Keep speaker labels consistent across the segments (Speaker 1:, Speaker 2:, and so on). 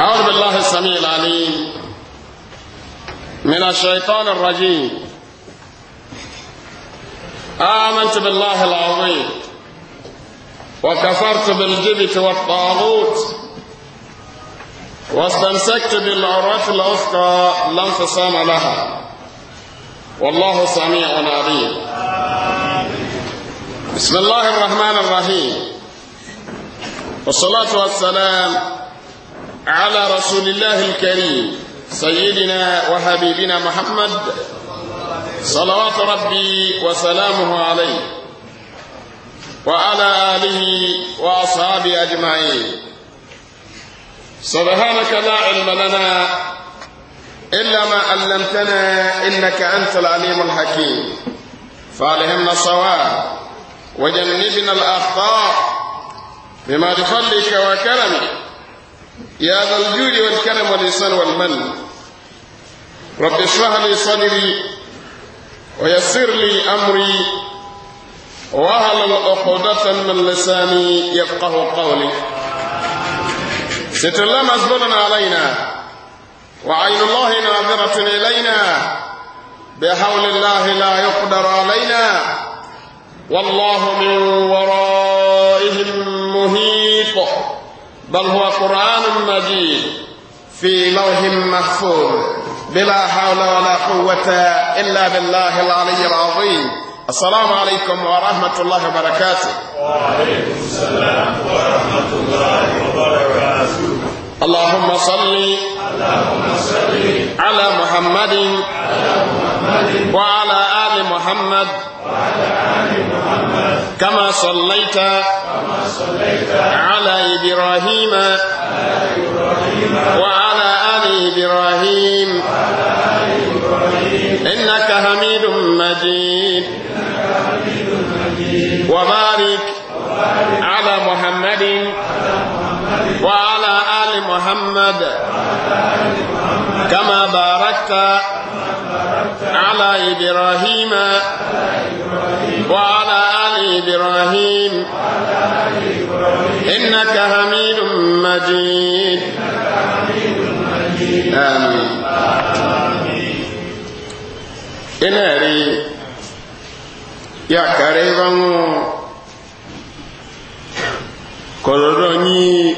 Speaker 1: أعوذ بالله السميع العليم من الشيطان الرجيم آمنت بالله العظيم وكفرت بالجبت والطاغوت واستمسكت بالعرف الأفقى لا انفصام لها والله سميع عليم بسم الله الرحمن الرحيم والصلاة والسلام على رسول الله الكريم سيدنا وحبيبنا محمد صلوات ربي وسلامه عليه وعلى آله وأصحابه أجمعين سبحانك لا علم لنا إلا ما علمتنا إنك أنت العليم الحكيم فعلهمنا الصواب وجنبنا الأخطاء بما بفضلك وكرمك يا ذا الجود والكرم واللسان والمن رب اشرح لي صدري ويسر لي أمري واهل عقدة من لساني يفقه قولي ستر الله مزبولا علينا وعين الله ناظرة إلينا بحول الله لا يقدر علينا والله من ورائهم مهين بل هو قرآن مجيد في لوح محفوظ بلا حول ولا قوة إلا بالله العلي العظيم السلام عليكم ورحمة الله وبركاته
Speaker 2: وعليكم السلام ورحمة الله وبركاته
Speaker 1: اللهم صل اللهم صل على محمد على محمد وعلى آل محمد كما صليت كما صليت على إبراهيم على إبراهيم وعلى آل إبراهيم وعلى
Speaker 2: إبراهيم إنك
Speaker 1: حميد مجيد إنك حميد مجيد وبارك على محمد وعلى آل محمد كما باركت على إبراهيم وعلى آل إبراهيم إنك حميد مجيد
Speaker 2: آمين
Speaker 1: إلهري يكريبن كلرني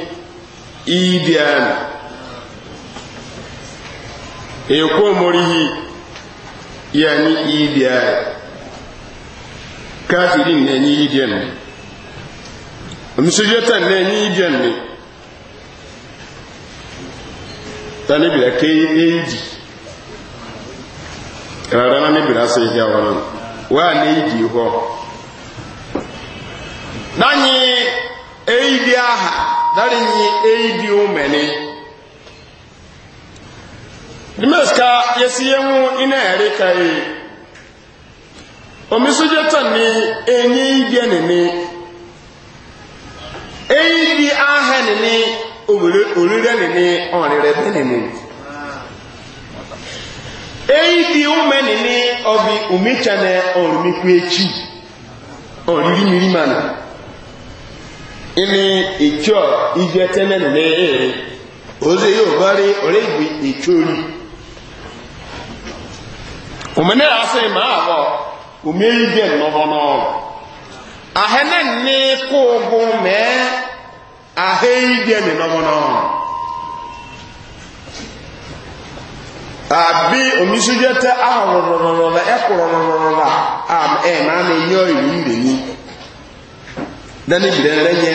Speaker 1: إيديان eyo ko morihi ya na idi ayi kafirin na ni idi nsogye musujatan na ni idi ne tani bila ke eji rara na ni bila sai ya na wa ne idi ho danyi eidi aha dari ni eidi omeni. dimeska yesiyewu inahere kai e. omisujeta ni enye ibia nini eyi bi aha nini orire bi nini eyi bi ume nini ọbi umechane ọrụmikwu echi ọrịrị mmiri mana ini ichọ ijete nene ere ozi yóò bá rí ọ̀rẹ́ omene ase ma abo omeyi je nobo ahene ni ko ogun me aheyi je ni abi omisuje te ahororororo ekororororo am e ma me yo ni ni dani bidere nye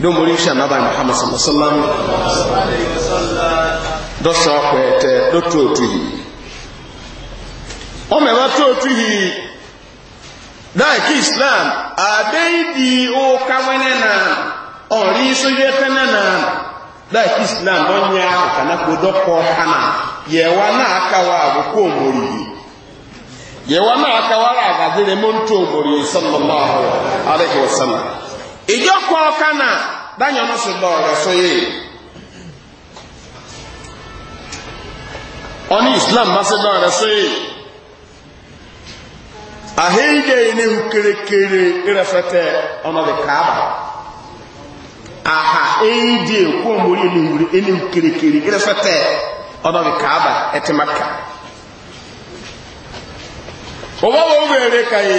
Speaker 1: do mori sha na bai muhammad sallallahu
Speaker 2: alaihi wasallam
Speaker 1: do so kwete do to o me wa to da ki islam abeidi o kawene na ori so je fene na da ki islam don nya kana ko do ko kana ye wa na aka wa ko mori ye na aka wa ga dire to mori sallallahu alaihi wasallam kana dáyọ̀ náà sì lọ islam sọ yìí ọní islam má sì lọ ọ̀rọ̀ sọ yìí àhíjẹ ilé kérékéré rẹfẹtẹ ọmọdé káàbà àhà èyíjẹ èkó mórí ilé kérékéré rẹfẹtẹ ọmọdé káàbà ẹtì maka ọwọ́ wọ́n wẹ̀rẹ̀ kàyé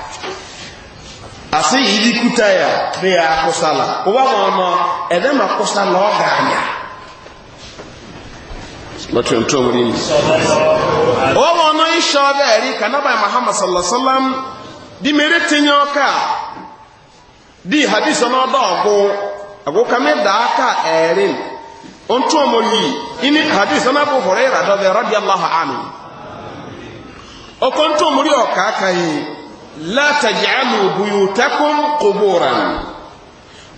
Speaker 1: asị ya irikuta ya dị ya akwụsala ụwa ma ọnọ ebe ma kwụsala ọ ga-anya ụwa ọnọ ịshọ ọbịa eri ka nabai muhammad sallasalam di mere tinye ọka di hadis n'ọdọ ọgwụ agwụka meda aka erin ntụ omori ini hadis n'abụ hụrụ ịradọbe radiyallahu anhu ọkọ ntụ omori ọka aka yi لا تجعلوا بيوتكم قبورا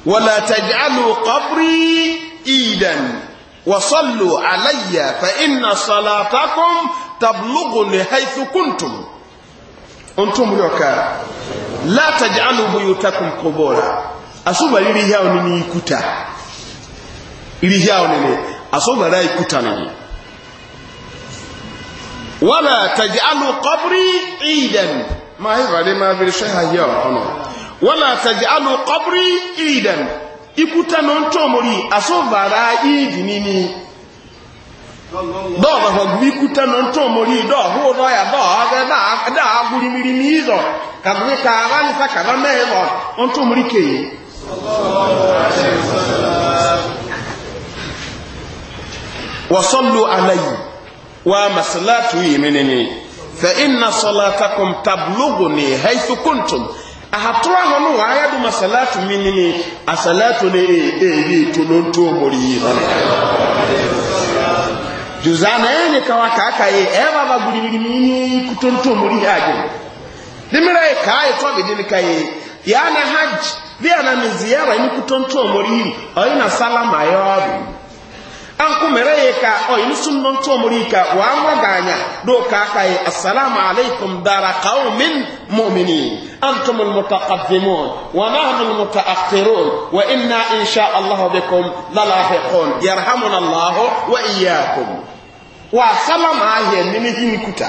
Speaker 1: ولا تجعلوا قبري إيدا وصلوا علي فإن صلاتكم تبلغني حيث كنتم أنتم يوكا لا تجعلوا بيوتكم قبورا أصوب لي هاو نني كتا لي هاو نني أصوب لي كتا نني ولا تجعلوا قبري عيدا ما يفعل ما في الشيء يوم أنا ولا تجعلوا قبري إيدا ikuta non tomori asovara idi nini do ba ho ikuta non tomori do ho ya do aga da da aguri miri mizo sa ka ba tomori ke wa sallu alayhi wa فإن صلاتكم تبلغني حيث كنتم ahatura hɔ no wɔ ayɛ duma salatu minini asalatu ne eyi tononto mori yi na juzana ɛyɛ e ne kawa kaka e yi ɛyɛ ba ba gudiminini kutonto mori yi adi dimira yi kaa yi tɔ bi di ni ka na hajj bi a na mi ziyara ni kutonto na salama yɛ anku mereye ka o ini sunnon to murika wa amra ganya do ka kai assalamu alaikum dara qaumin mu'minin antum almutaqaddimun wa nahnu almutaakhirun wa inna insha Allah bikum lalahiqun yarhamuna Allah wa iyyakum wa salama ahe nini hini kuta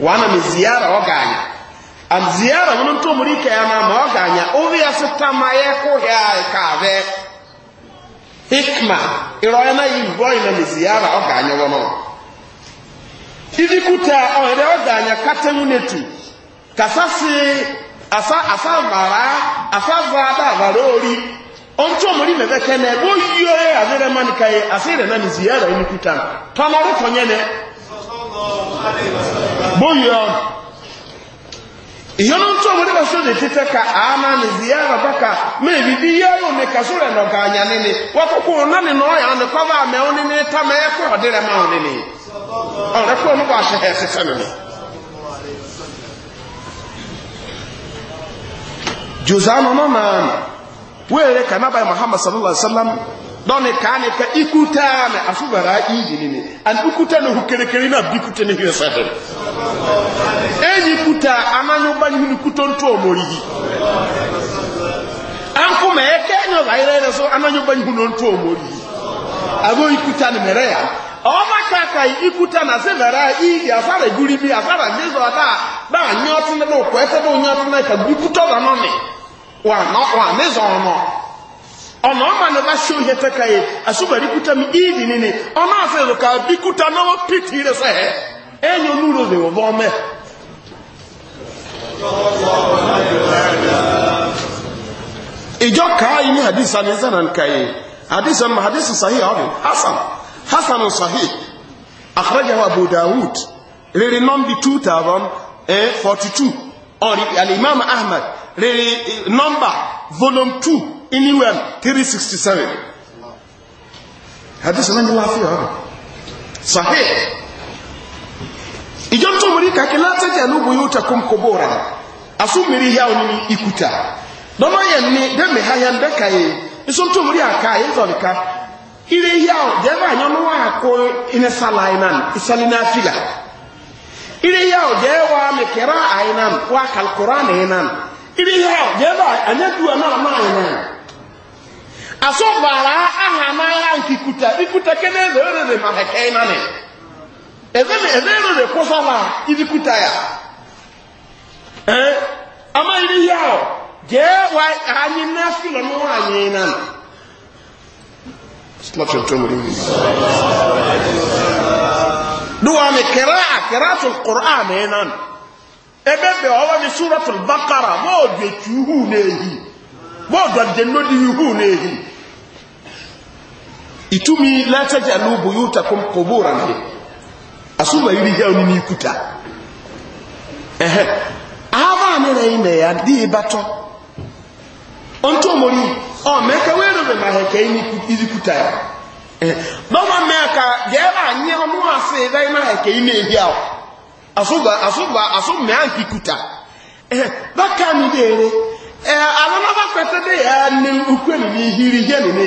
Speaker 1: wana mi ziyara wa ganya am ziyara munun to murika ya ma ma ganya uvi asitama ye ko ya ka ve hikma ìrọ̀yẹ́ náà yìí gbọ́ ìmọ̀ ní ziyara ọ̀gá anyẹ wọn náà ìdíkùtà anya asa asa àvàrà asa àvàdà àvàrà orí ọ̀ntún ọ̀mọ̀rí mẹ́fẹ́ kẹ́nẹ́ bó yíyọ ẹ̀ àdẹ́rẹ́ mánìkà yẹ ìyọ́nà tó ọmọ nípa sóde títẹ́ ka àánà ní ziyara baka mẹ́rin bí yẹ́rù ní kàṣúrẹ̀ nọ̀gà àyà níní wọ́n kókó ọ̀nà nínú ọ̀yà ní kọ́bà mẹ́wọ́ níní tá mẹ́yẹ kó ọ̀dí rẹ̀ máa níní ọ̀rẹ́ kó ọ̀nà bá ṣe hẹ́ ṣiṣẹ́ níní. jùzá nọ náà wéèrè kàmábàá muhammad sallallahu alaihi wa sallam Donne kane ka ikutaame asubara iyinini ani ikutaame hukelekele na bi kute ne hiɛ sɛbɛn eyi kuta ananyoba nyini kutonto omoriyi ankuma eke enyoba ayira yɛrɛ so ananyoba nyini kutonto omoriyi abo ikuta ni mɛrɛ Oma kaka ikuta na sebɛrɛ iyi asara eguri bi asara gbezɔ da da nyɔtene do kɔɛtɛ do nyɔtene ka bi kutɔ ba nɔni wa nɔ wa ọ̀nà ọmọ anọba ṣe oye tẹ́ka yẹ asúbàrí kúta mi ìdì nínú ọmọ àfẹ́lò ká bí kúta náwó pìtì rẹ̀ sọ ẹ̀ ẹ̀yìn olúro lè wọ́n mẹ́ ìjọ káà yìí ní hadisa ní sẹ́nà nìka yìí hadisa ní hadisa sahi ọ̀rìn hasan hasan sahi akọrẹ́jà abu dawud rere nọ́mbì 2042 ọ̀rìn alimami ahmed rere eh, nọ́mbà volume two iniwem 367 hadisi náà ní láfíà ọ̀rọ̀ sahih ìjọ tó mú rí kàkí látẹ́jẹ̀ ló bóyá ó takùn kòbó rẹ̀ asúmìrí yá òní ní ìkúta lọ́nà yẹn ní dẹ́mẹ̀ ha yẹn dẹ́ka yìí nsọ́n tó mú rí àká yẹn zọ̀rìká ilé yá ọ̀ dẹ́mẹ̀ àyàn ló wà kó iná sálà iná ìsálí náà fìlà ilé yá ọ̀ dẹ́ẹ̀ wà mẹ̀kẹ́rà àyìnà wà kàlùkùrà nìyẹn náà ilé yá ọ̀ dẹ́ẹ̀ bá àyàn dùn náà náà náà asọbara aha n'agha nke ikuta ikuta kene eze erere ma heke ịnani eze eze erere kwụsa na ibikuta ya ee amaghịrị ihe ahụ jee wa anyị n'efu na mụrụ anyị ịnani duwa mi kera a kera tun qur'an ịnani e ebe bee ọwa mi suratul bakara bọọdụ etu ihu na-ehi bọọdụ adịnụ dị ihu na-ehi itumi lataja lubu yuta kumkubura nhe asuba yuri jao ni nikuta ehe ava anira ine ya di bato
Speaker 2: onto mori
Speaker 1: o meke wero be maheke ni kuta ya eh, bama meka geba nye mu ase dai maheke ine hia asuba asuba asume anki kuta ehe baka ni dere eh alama ba kwete de ya ni ukwenu ni hiri je ni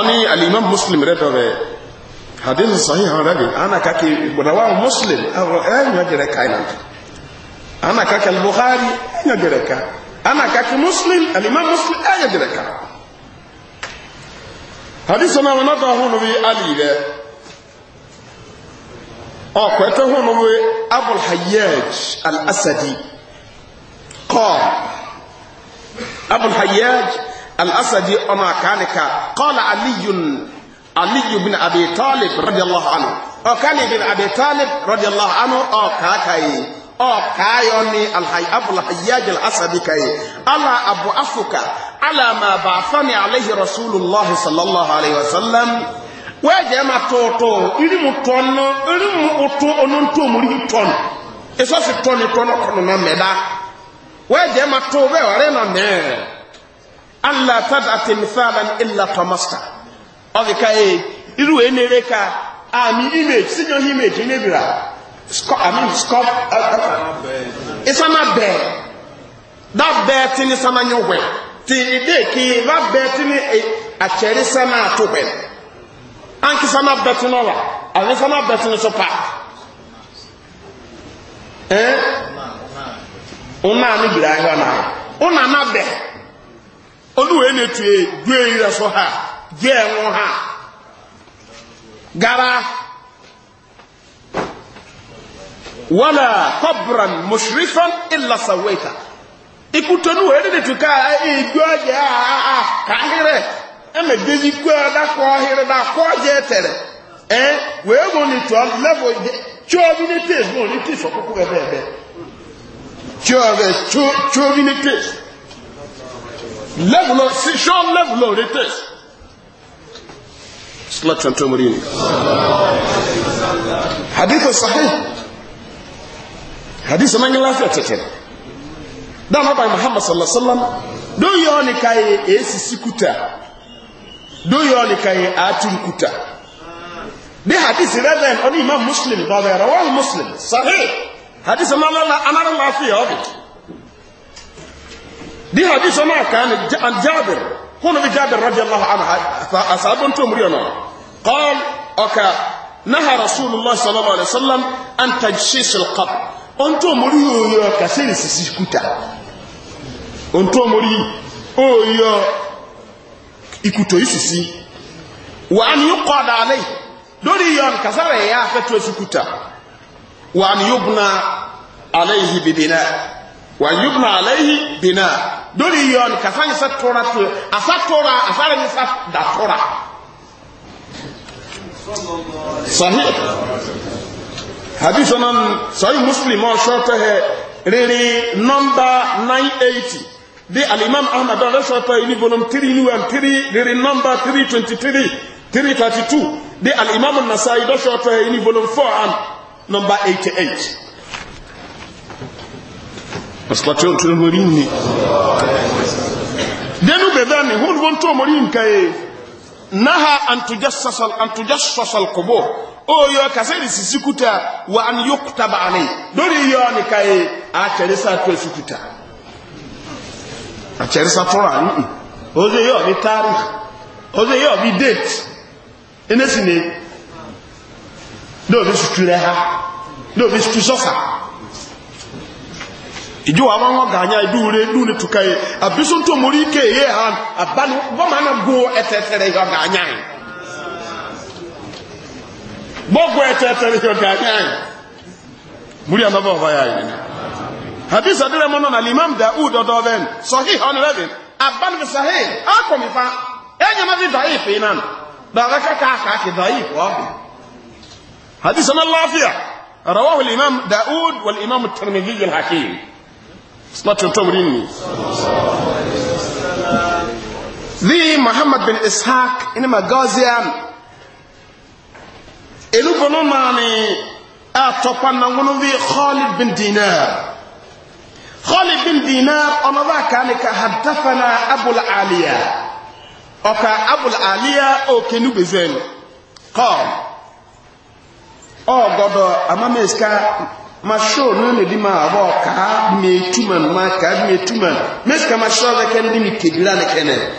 Speaker 1: أنا الإمام مسلم ربه حديث صحيح عن ربي أنا كاكي رواه مسلم أين يجرك أين أنا كاكي البخاري أين يجرك أنا كاكي مسلم الإمام مسلم أين يجرك حديثنا ونضع هنا في علي أقوته هنا أبو الحياج الأسدي قال أبو الحياج الأسدي أما كانك قال علي علي بن أبي طالب رضي الله عنه أو كان بن أبي طالب رضي الله عنه أو كاكاي أو كايوني الحي أبو الحياج الأسدي كاي ألا أبو أفك على ما بعثني عليه رسول الله صلى الله عليه وسلم وجه ما توتو إلي مطن إلي مطن أنتو مريه طن إساسي طن طن قرنا مدا وجه ما توبه ورنا مدا alla tada timthalan illa tamasta e iru wee na-ere ka ami image sinyo image nebira amin scop uh, uh, uh, isama ti ni sama ti e, sama ato anki sama ti ani sama eh olúwe ní ètò ìdú èyí rẹ̀ sọ ha jẹ́ ẹ̀wọ̀n ha gara wala kọ́bùrán mùsùlùmí ìlàsàwẹ́ta ikútọ́ ní wẹ́ẹ́ nínú ìtùkà ìgbó ọjà káhírẹ̀ ẹ̀mẹ̀ déjì gbó ọ̀dàkọ̀ ọ̀hírẹ̀ dàkọ̀ ọjà ẹ̀tẹ̀rẹ̀ na wẹ́ẹ́ mú ní tọ́ lẹ́bù tí ó bí ní tèèmù ní tèèmù ọ̀kọ́kọ́ bẹ́ẹ̀ bẹ́ẹ̀ tí ó bẹ́ẹ̀ tí level si sure level o rete slat san to murini hadith sahih hadith man la fa tete da ma bai muhammad sallallahu alaihi wasallam do yo ni kai esisi kuta do yo ni kai atun kuta bi hadith reverend oni imam muslim ba rawahu muslim sahih hadith man la amara la fi دي حديث ما كان الجابر هنا جابر رضي الله عنه أصحاب أنتم رينا قال أكا نهى رسول الله صلى الله عليه وسلم أن تجسيس القبر أنتم ريو كسير سيكوتا أنتم ريو أو يا إكوتو يسيسي وأن يقعد عليه دوري يا كسر يا فتوى سيكوتا وأن يبنى عليه ببناء وأن يبنى عليه بناء dole yɔ ni kasa yi sa tora to asa tora asa yɛ ni sa da tora sahi hadisi nan sahi muslim ɔn sɔ tɛ riri nɔmba nine eighty di alimami Ahmad, ɔn sɔ tɛ yi tiri ni wɛn tiri riri nɔmba three twenty three three thirty two di alimami nasayi ɔn sɔ tɛ yi ni bolom four and number eighty eight masalati otu omori nni denu bedani hun won to omori nkae naha antujassasal antujassasal qubo o yo kaseri sisikuta wa an yuktaba dori yo ni kae a teresa to sikuta a teresa tora ni o de yo ni tarikh o de yo bi date enesine do bi sutura ijo wa wọn ganya idu re idu ne tukai abisun to mori ke ye ha abanu bo ma na go etetere yo ganya bo go etetere yo ganya muri amaba wa ya ni hadith adira mono na imam daud odoven sahih on eleven aban bi sahih akomi fa enya ma bi daif inan رواه الإمام داود والإمام الترمذي الحكيم Slotting Tomrini. The Muhammad bin Ishaq in Magazian. Elukono mani atopan na ngono vi Khalid bin Dinar. Khalid bin Dinar onaba kanika hadafana Abul Aliya. Oka Abul Aliya o kenu bezen. Qal. Oh God, amameska ma show no ne di ma abo ka me tuman ma ka me tuman mes ka ma show e da ken di mi kedira ne ken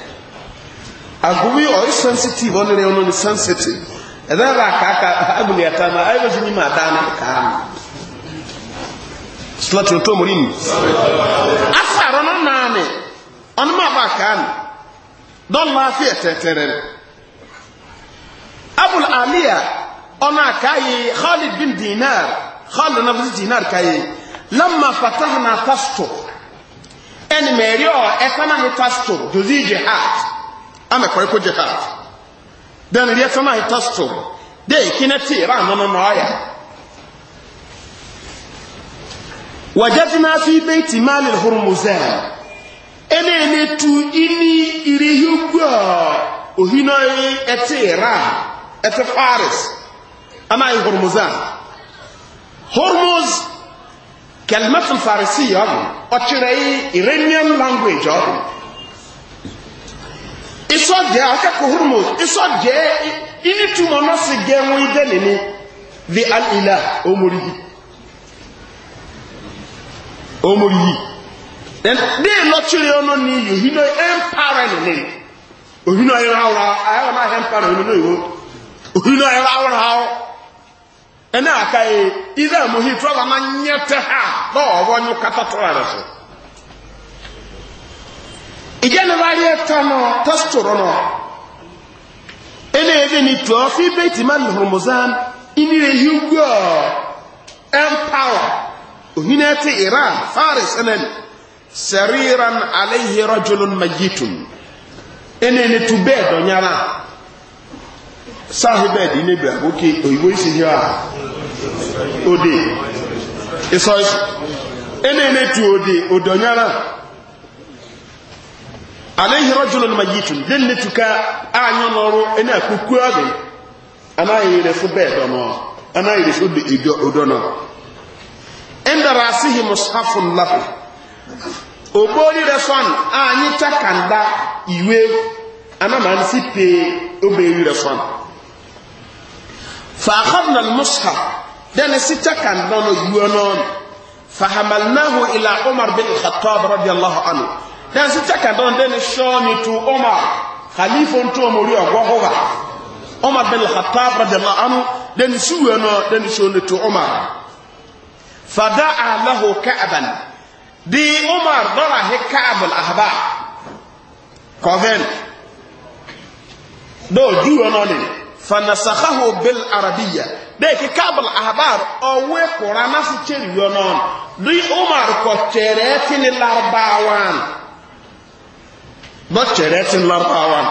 Speaker 1: agubi o sensitive on ne on sensitive ɛdá bá kàkà abúlé ɛtá ma ayé bá sinmi máa dáná kàá ma silati o tó mori mi asaaro no naani ɔno máa bá kàá mi dɔn laafi ɛtɛtɛrɛ e abul aliya ɔno akaa khalid bin dinar khalid nafsi dinar kaye lamma fatahna tastur ẹni mẹ̀rí ọ̀ ẹ̀fẹ́ náà ni tastur jozi jihad amẹ̀kọ̀rẹ́ kó jihad dẹ́nu rí ẹ̀fẹ́ náà ni tastur dẹ́ ìkíní tí ìrà àná nínú ọ̀yà wàjẹ́tìmá fi bẹ́ẹ̀tì máa lè hurú mùsẹ̀ ẹni ẹni tu iní ìrìhí gbọ́ òhìnà ẹtì ìrà ẹtì hormones kalimat farisi ọ bụ ọchịrị iranian language ọ bụ akakọ hormuz isọje ini tumọ nọọsì gẹwọn ide nini the alila omoriyi omoriyi then dey ọnụ n'iyi ohino nini ohino e ayọrọ ahụ ayọrọ n'ahịa ohino iwu e ohino e ɛna aka yi ida muhi tɔba ma nyɛ tɛ ha na ɔbɔ nyu kata tɔra rɛ so ìjẹ́ ni wàá rí ẹ̀ta nọ tẹ́sítọ̀rọ̀ nọ ẹnna ebe ni tọ́ fi bẹ́ẹ̀tì máa lè hormozan ìní rẹ̀ yí gbọ́ ẹ̀mpáwà òhun ẹ̀ ti iran faris ẹ̀nẹ́n sẹ̀ríran aláìhẹ́rọ́jọ́lọ́n mayitun ẹnna ẹni tu bẹ́ẹ̀ dọ̀nyára. sahibed inebia oke oyibo isi ihe a ode ịsọ isi ene tu ode odonyara alayhi rajulun mayitun den ne tuka anyo noro ene akuku ade anayi re fu bed ono anayi re fu ido odono inda rasihi mushafun lahu obori re takanda iwe ana فأخذنا المصحف دانا ستا كان دانو يونون فحملناه إلى عمر بن الخطاب رضي الله عنه دانا ستا كان دانو دانا شوني تو عمر خليفة تو مريو وهو عمر بن الخطاب رضي الله عنه دانا يونان دانا شوني تو عمر فدعا له كعبا دي عمر ضره كعب الأحباب كوفين دو جوانا ني fanasakahu bil arabiya de ki kabal ahbar owe qur'ana su cheri yonon li umar ko chere tin larbawan bo chere tin larbawan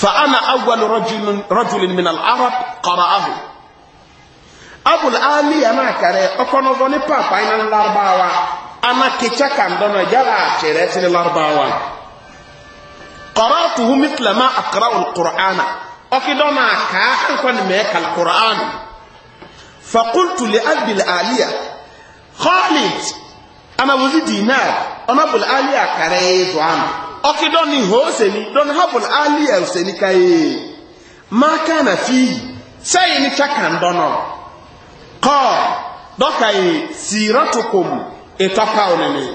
Speaker 1: fa ana awwal rajul rajul min al arab qara'ahu abu al ali ana kare okono boni papa ina larbawa ana kichaka ndono jara chere tin
Speaker 2: larbawan
Speaker 1: قرأته مثل ما أقرأ القرآن أكدما كاحقا ميك القرآن فقلت لأبي الآلية خالد أنا وزي دينار أنا أبو الآلية كريز وعنا أكدني هو سني دون أبو الآلية سني كي ما كان فيه سيني شكاً دونه قال دوكاي سيرتكم اتقاونني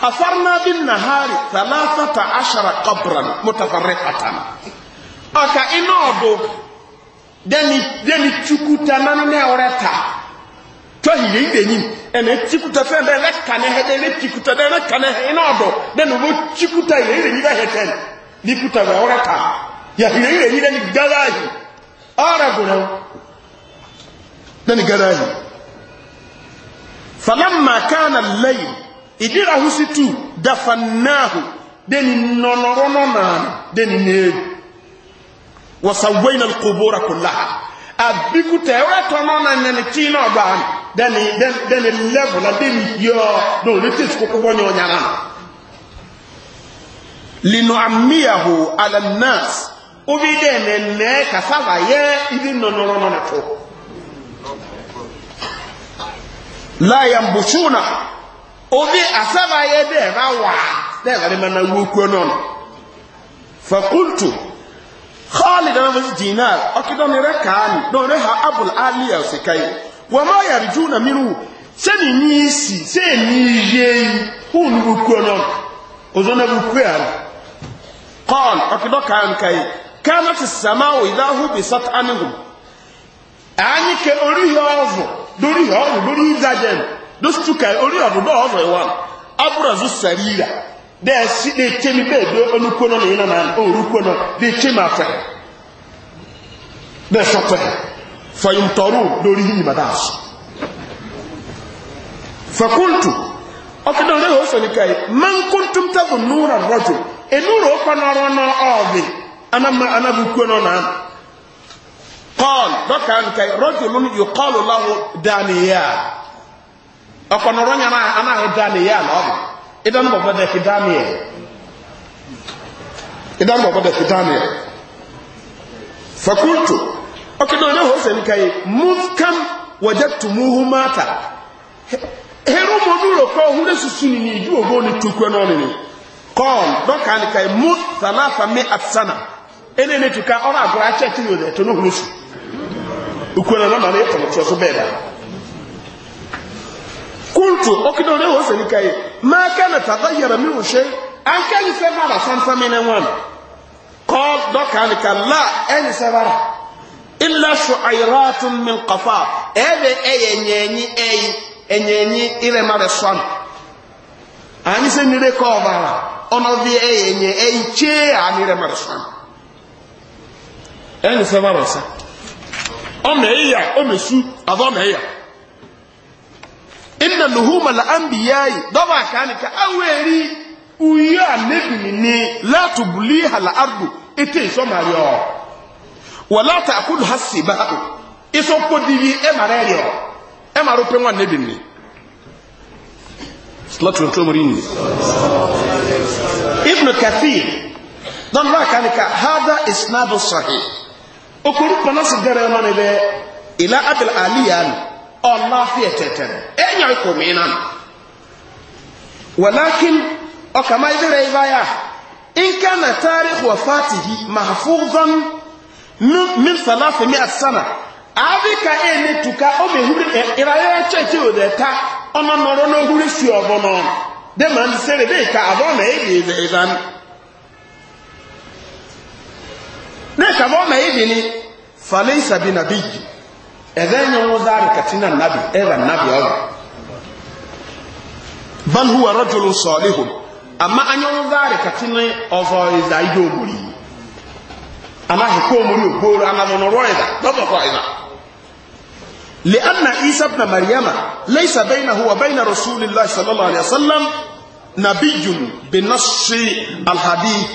Speaker 1: حفرنا بالنهار ثلاثة عشر قبرا متفرقة أكا إنادو دني دني تشكوتا ناني أوريتا توهي يدني أنا تشكوتا فين بلا كان هذا أنا تشكوتا بلا كان إنادو دني مو تشكوتا يدني ده هتن نيكوتا أوريتا يا يدني دني جلاهي أربنا دني جلاهي فلما كان الليل ìdíra hù sí tù dafanáhù dẹni nọ̀nọ̀rọ̀nọ̀ náà dẹni nẹ́ẹ̀rù wọ̀sàwẹ́ iná kòbóra kò láà àbíkútẹ̀ ẹ̀rọ tọ́nà náà nẹni tí náà bá dẹni dẹni lẹ́bùlá dẹni yọ lórí tẹ̀sí kókó wọ́nyẹ ọ̀nyàrá lino amiyahu alanas obi dẹ nẹnẹ kasaba yẹ obi asaba yɛ dɛ ɛba wa dɛ ɛba de na wo kuo nɔ nọ. fakultu khalid na mo dinar ɔki dɔn ne kaa ni dɔn ne ha abul ali yi na minu sɛni ni si sɛni ni yie yi hu ni wo kuo na wo kuo yɛ kɔl ɔki dɔn kaa ka yi kana ti sama yi bi anyi ori ɔvu lori ɔvu lori dosuka ori ọdụdọ ọzọ ịwa abụrazụ sarira desi na-eche mi bee do onukwo nọ na ịna na orukwo nọ na-eche ma fe na sọfe fayimtọrụ lórí yìí ma dáa sọ fakultu ọkụdọ ndị ọsọ nika yi man kuntum tabu nura rọjò enura ọkwa n'ọrụ n'ọbị anabukwo nọ na kọl dọka nka rojo lụrụ yụ kọlụ lahụ daniyel ɔkɔnɔrɔ nyana ana ɛda ne yɛ ala ɔbɛ ɛda no bɔbɔ dɛ fi da ne yɛ ɛda no bɔbɔ dɛ fi fakultu ɔkɛdɛ ɔnyɛ hɔ sɛ nika yi munkam wɔgya tumuhu mata hero moduro kɔ ɔhu ne susu ne ne ogo ni tukua no ne ne kɔn dɔka nika yi mu salafa mi atsana ene ne tuka ɔna agorɔ akyɛ ti yɛ ɔdɛ to ne huru su ukua na nɔma ne yɛ tɔmɔtɔ so bɛɛ kultu okidere orisi nike ihe ma e a kemeta takoyere miushe a nke yise bara son 2001 ka ọ dọka nke na-ejise bara in lesu ayuru hatu mmiri ebe enye enye enye enye enye ire mara swan a nise mire ka ọ bara ọnọdụ enye enye eyi nke a mire mara swan enyise bara si o meyi ya o me inna nuhuma la anbiyayi dɔba kaani ka aweri uyo anabini ni laatu buliha la ardu ete isɔmari ɔ wala taakulu ha sibaaku isɔkpo dibi ɛmara ɛri ɔ ɛmara ope nwa anabini silatu ntomori ni ibnu kathir dɔba kaani ka hada isnadu sahi okoro kpana si dɛrɛ ɛma ila abil aliyan ɔlaafi ɛtɛtɛrɛ ẹnyà ikọ̀ mi nà wàlákin ọkàmá ìdílé ìbáyà nka na Fatihi wafatihi mahfuzan min salafi mi asana abi ka e ne tuka o me huri irayɛ e, kyɛkyɛ o de ta ɔno nɔrɔ na ohuri fi de ma n sere de ka abɔ na ebi ebe e ebe no ne ka abɔ na ebi ni falisa bi na bi yi ɛdɛ nyɛ wɔn nabi ɛra nabi bal huwa rajulun salihun amma an yawon zare ka tini ọzọ iza ihe omori ana hekwa omori ogboro ana zọ nọrọ iza dọbọ kwa iza لأن عيسى ابن مريم ليس بينه وبين رسول الله صلى الله عليه وسلم نبي بنص الحديث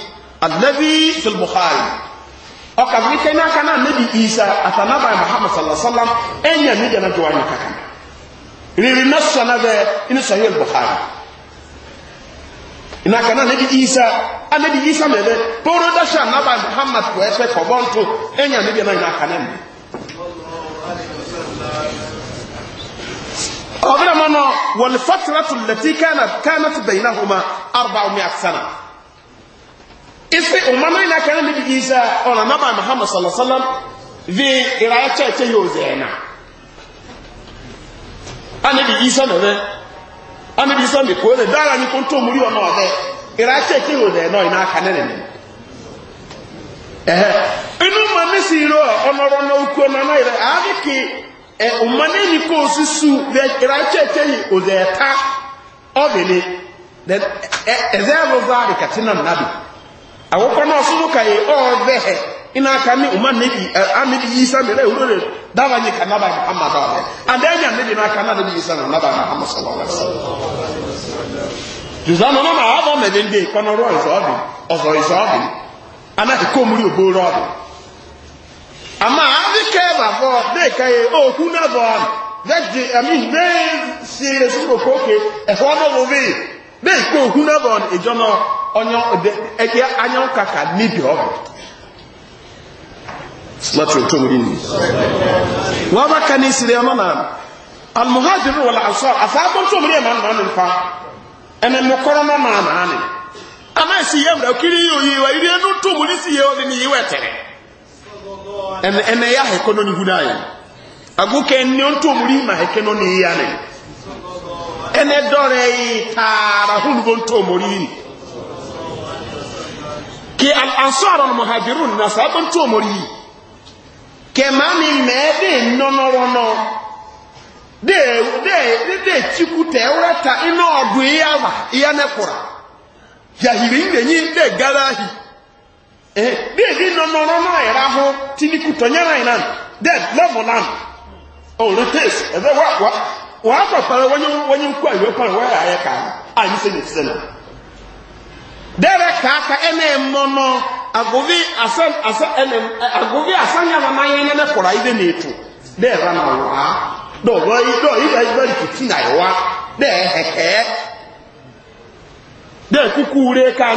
Speaker 1: الذي في البخاري ọkàtí ní kẹ́ni akáná níbi ìsà àtànábàá muhammad sallallahu alaihi wa sallam ẹ̀yìn ẹ̀mí jẹ́ náà jọ riri naswa na bɛ ini sahih al-bukhari ina kana ne di isa ana di isa me bɛ poro da sha ba muhammad ko ɛsɛ ko bonto enya ne bi na ina kana ne ɔbɛrɛ ma nɔ wɔli fatiratu lati kana kana ti bɛyina huma arba'u mi asana isi umama ina kana ne di isa ɔna naba muhammad sallallahu alaihi wasallam vi iraya cɛ cɛ yɛ o zɛɛ anabi isa na bɛ anabi isa mi ko ɛdɛ dara ni ko n tó mu ri ɔnà ɔbɛ ìrà tẹ kí o dɛ náà iná aka ne nìyẹn ɛhɛ inú ma ne si yìí lọ ɔnọrọ náà oku ɔnà náà yẹrẹ àbí kì ɛ ɔmọ ne ni kò susu bɛ ìrà tẹ kí yìí o dɛ ta ɔbìnrin ɛ ɛzɛ ɛlɔ zaa de kàtí nà nàbì àwòkọ náà sọ́dọ̀ kàyé ɔbɛ hɛ. ina aka eh, ni umma nabi anabi isa mere urore dawa ni kanaba muhammad ale adanya na kana na naba muhammad sallallahu
Speaker 2: alaihi wasallam
Speaker 1: juzano na ma ọzọ ozo obi ana ko obo ama abi ka e oku na bo i mean e na e onyo e láti ọ̀tọ́ mú nínú wọ́n bá ká ní ìsìlẹ̀ ọmọ náà almuhajiru wọ̀lá àṣọ àfáàbọ̀tọ́ mú ẹ̀mà náà nípa ẹni mọ̀kọ́rọ̀ náà máa náà ni a máa yẹ mìíràn kiri yóò yé wa ìrí ẹnu tó mú ní sí yẹ ọdí ni yíwẹ̀ tẹ̀rẹ̀ ẹnẹ yá hẹ̀kọ́ náà ní hu náà agókè ẹni ó tó mú ní ìmà hẹ̀kẹ́ náà ní yíyá ni ẹnẹ dọ́rẹ̀ yìí tààrà hún bó tó mú ní kí kẹ̀má ni mẹ́ẹ̀dẹ́ nọ́nọ́rọ́nọ́ dẹ́ẹ̀ tíkú tẹ́wúrẹ́ta iná ọdún ìyáwà ìyánẹ́kùrà yàhìrì ìrẹ̀yìn dẹ́ẹ̀ gáráhì dẹ́ẹ̀dẹ́ nọ́nọ́rọ́nọ́ ìráhù tí ní kùtọ̀nyẹ́rà ìran dẹ́ẹ̀ lẹ́mọ̀lán ọ̀rọ̀ tẹ́sì ẹ̀dẹ́ wà wà pàpàrọ̀ wọ́n yẹn kú àyè pàrọ̀ wọ́n yà ayẹ kàá àyè sẹ́yìn kàá ka agobi asan asan ɛnɛm agobi asan yaba ma na etu na ɛba ma wa dɛ ɔba yi dɛ ɔyi ba na ka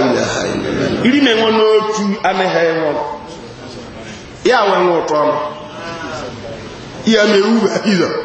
Speaker 1: enyi iri na ŋɔn n'otu amehɛ enwe yɛ awɔ ŋɔn tɔn yɛ mɛ wu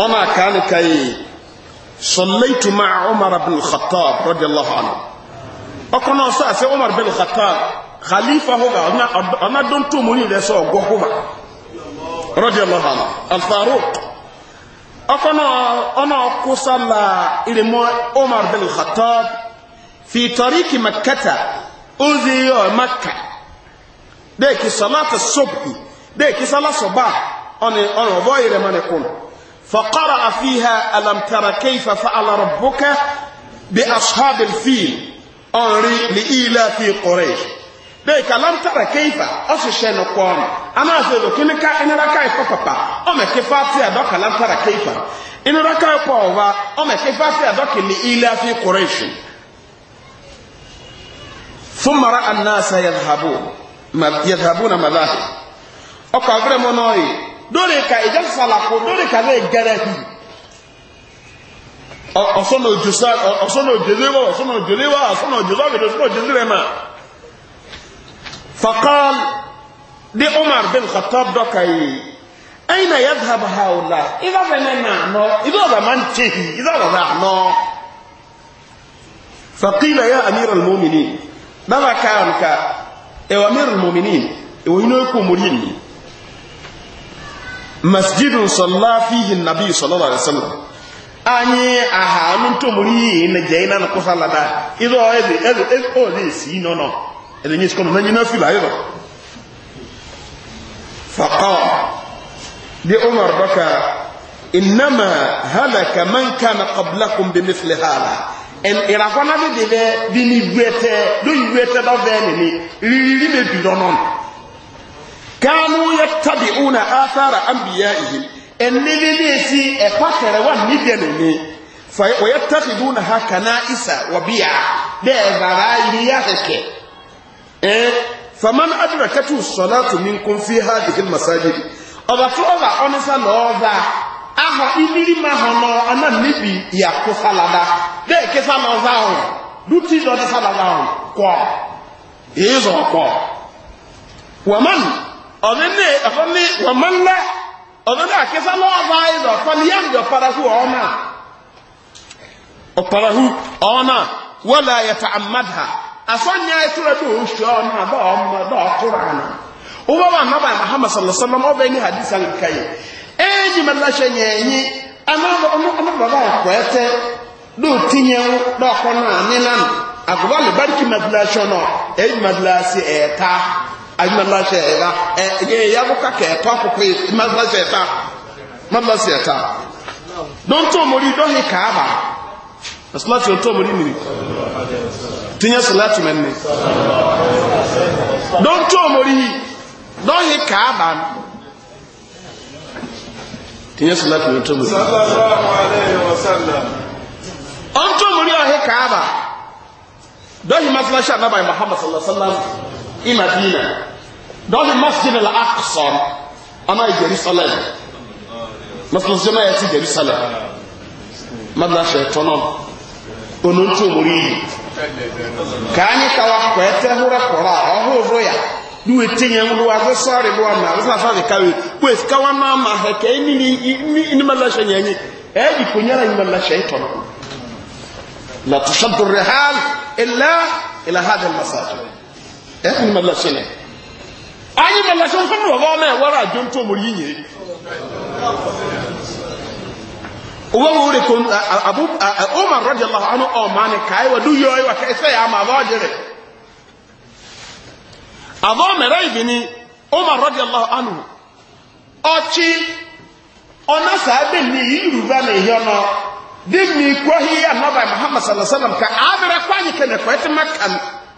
Speaker 1: أنا كان كي صليت مع عمر بن الخطاب رضي الله عنه أكون أستاذ عمر بن الخطاب خليفة هو أنا أنا دون تومني لسوا جوهما رضي الله عنه الفاروق أكون أنا أقصل إلى عمر بن الخطاب في طريق مكة أذي مكة ديك صلاة الصبح ديك صلاة الصباح أنا أنا ضاير ما نكون فقرأ فيها ألم تر كيف فعل ربك بأصحاب الفيل أنري لإيلا في قريش بيك ألم تر كيف أسشين قوام أنا أسأل كنك إن ركاي فبابا أما كفاتي أدوك ألم تر كيف إن ركاي فبابا أما كفاتي أدوك لإيلا في قريش ثم رأى الناس يذهبون يذهبون مذاهب أكبر منوي dóòlì ka ìjọ e sàlàkù dóòlì ka lè gẹrẹ hì ọ̀sọ́nà òjòsá ọ̀sọ́nà òjòléwọ̀ ọ̀sọ́nà òjòléwọ̀ ọ̀sọ́nà òjòléwọ̀ ọ̀sọ́nà òjòléwọ̀ mà fàkàl di umar bin khatab dọ́ka yìí ẹ̀yin náà yàtọ̀ àbá ha ọ̀la ìdá fẹ́lẹ́ náà nọ ìdá ọ̀la máa ń tẹ̀ hì ìdá ọ̀la náà nọ. fàkìlà yà amir al-mumini dábàá káyọ̀ nǹka ẹ̀wọ̀ amir al-mumini ẹ̀wọ̀ yìí náà kú mọ́rí masjidun sọlá fíhì nàbí sọlọ́lá rẹ̀ sọlọ́ anyi ahanu ntomori yi na jẹ ina na kofa lada idọ ẹbi ẹbi ẹbi ọ oh, lè si iná nọ ẹbi nyi sikọmọ nanyi náà fìlà ayọ fakọ bí umar baka inama halaka man kana qablakum bi mithli hala en irakwana bi de bɛ bi ni wete do yi wete dɔ bɛ nini riri bɛ bi dɔ tabi una kanu yattabi'una athara anbiya'ihim ennibibisi epakere wa tabi una ha isa wa bi'a bevara iliyaheke eh faman adrakatu salatu minkum fi hadhihi almasajid ọba tó ọba ọnisa lọọba aha ibiri ma hɔ no ana nibi yako salada bẹẹ kesa lọọba hɔ duti lọọba salada hɔ kɔ èyí zɔ kɔ wàmánu ọ̀nẹ́nẹ́ ọ̀fọ́ní wọ̀mọ́lá ọ̀nẹ́nẹ́ àkẹsà lọ́ọ̀bá ìdọ̀ ọ̀fọ́níyàmìdì ọ̀parahu ọ̀ọ́nà ọ̀parahu ọ̀ọ́nà wọ́lá ayẹta àmàdà asọ́nyà ẹ̀tura bí òun ṣe ọ̀nà àbọ̀ ọ̀mọ̀ dọ̀ ọ̀kúrọ̀ àná wọ́n wà nàbà mahamad sallallahu ọ̀bẹ ní ayimalase ɛla ɛ e, yɛ yabuka kɛ Ma akoko mamalase ɛta mamalase ɛta dɔntɔmori dɔhi kaaba asalati dɔntɔmori niri tinya salati mɛni dɔntɔmori dɔhi kaaba tinya salati mɛni tɔmori ɔntɔmori ɔhi kaaba dɔhi masalasi sallallahu alaihi wa sallam. i madina dɔɔni masjid al-aqsa ana ye jerusalem masjid jama yɛ ti jerusalem madina fɛ tɔnɔ onon tó mori yi
Speaker 2: k'anyi kawa kɔɛtɛ
Speaker 1: hura kɔra ɔhoro ya ni wo ti yɛn wo a sɔɔri wo ama a bɛ sɔrɔ a fɛ kawe ko esi kawa maa ma hɛ kɛ ɛni ni ni ni ma lahyɛ e, nyɛ nye ɛyi ko nyɛra ni ma lahyɛ tɔnɔ la tushaddu rihal ila hadha masajid ẹ̀hún ma lọ́ṣẹ́ nẹ̀ ayé ma lọ́ṣẹ́ fún ọ̀gá ọmọ ẹ̀wọ́rọ̀ àjọ tó mọ̀ yí yìí owó wo de ko abu umar rọdi allahu anu ọmaani oh, kaayi wa du yọọyi wa kẹsẹ yà ama abọ́ jẹrẹ abọ́ mẹrẹ yìí ni umar rọdi allahu anu ọchi ọ̀nà sàbẹ̀ ni yorùbá ni ìhẹ́ ọ̀nà dí mi kọ́ hi anaba muhammad sallallahu àbẹ̀rẹ̀ kwanyi kẹ́nẹ̀kọ́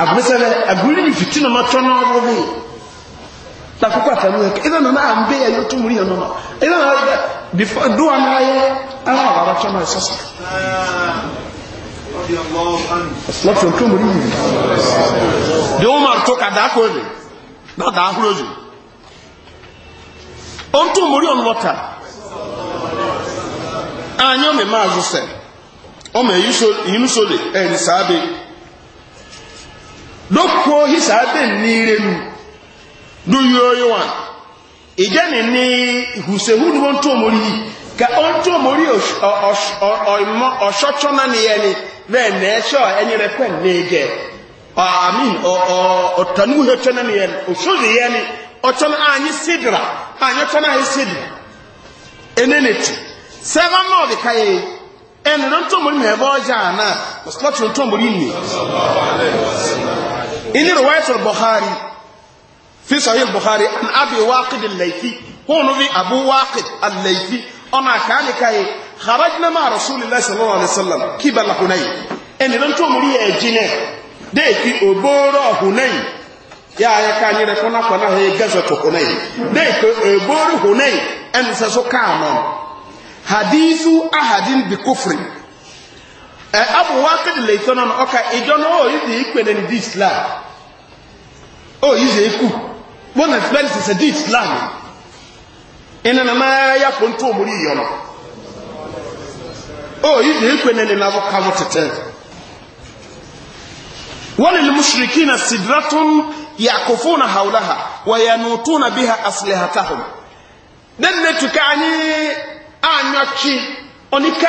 Speaker 1: agulesɛlɛ aguli ni fitina ma tɔn n'awo bi lakoko atanu yɛ kɛ ɛdana n'a n'a yɛ ala wa ala tɔn n'a yɛ sɔsɔ. lɔtɔn yi. ma to ka n'a da ahuro zu o tumuli yɛ ta doko hisabe nirenu duyoyowa ije ni husehudu won to mori ka on to mori oimo osochona ni yeni be ne so eni repe nege amin o o otanu e e he chona ni yeni osuri yeni ochona anyi sidra anyi chona he sidra eneneti seven more the kaye ẹnu e ló mori mẹ́bọ́ ọjà náà ọ̀sán tó ń tó mori nìyí. إن رواية البخاري في صحيح البخاري عن أبي واقد الليثي هو في أبو واقد الليثي أما كان كاي خرجنا مع رسول الله صلى الله عليه وسلم كبل هنين إن لم تمري أجنة ديكي أبورا هنين يا يا كان يركونا كنا هي جزء هنين ديكي أبورا هنين أن سسكانا حديث أحد بكفر abu waka di leito na ọka ijo na o dị ikwere ndi islam o ize iku wọn na fẹrẹ sẹsẹ di islam ị na maa ya ko ntu omori iyo o ize ikwere ndi na ọka mo tete ولل مشركين سدرة يعكفون حولها وينوتون بها أسلحتهم دنتك عني أنيكي أنيكا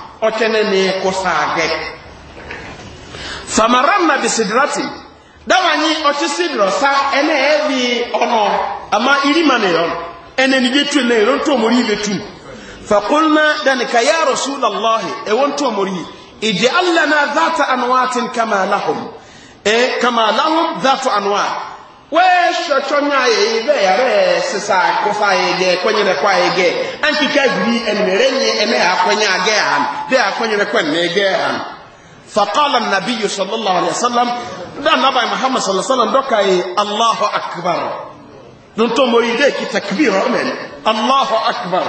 Speaker 1: ɔkyɛnɛ ne kɔ saagɛ famaranna bisidrati dawanyi ɔkye sa ɛnɛ ɛbi ɔnɔ ama irima ne yɔn ɛnɛ ne bi tun ne yɔn tó omori yi bi tun fakulna dani ka ya rasulallah ɛwɔ tó omori ìdí alana zata anuwaatin kama lahum ɛ kama lahum zata anuwaatin wɛhwɛtwɔn a yɛyi bɛ yɛrɛ sisa kofa yɛ gɛ kɔnyɛ ne kɔa yɛ gɛ ankika gbi ɛnumere nye ɛnɛ akɔnyɛ agɛ han bɛ akɔnyɛ ne kɔn ne gɛ han fakala nabi sallallahu alaihi wasallam da nabai muhammad sallallahu alaihi wasallam dɔka yi allahu akbar ntomori de ki takbir ɔmɛn allahu akbar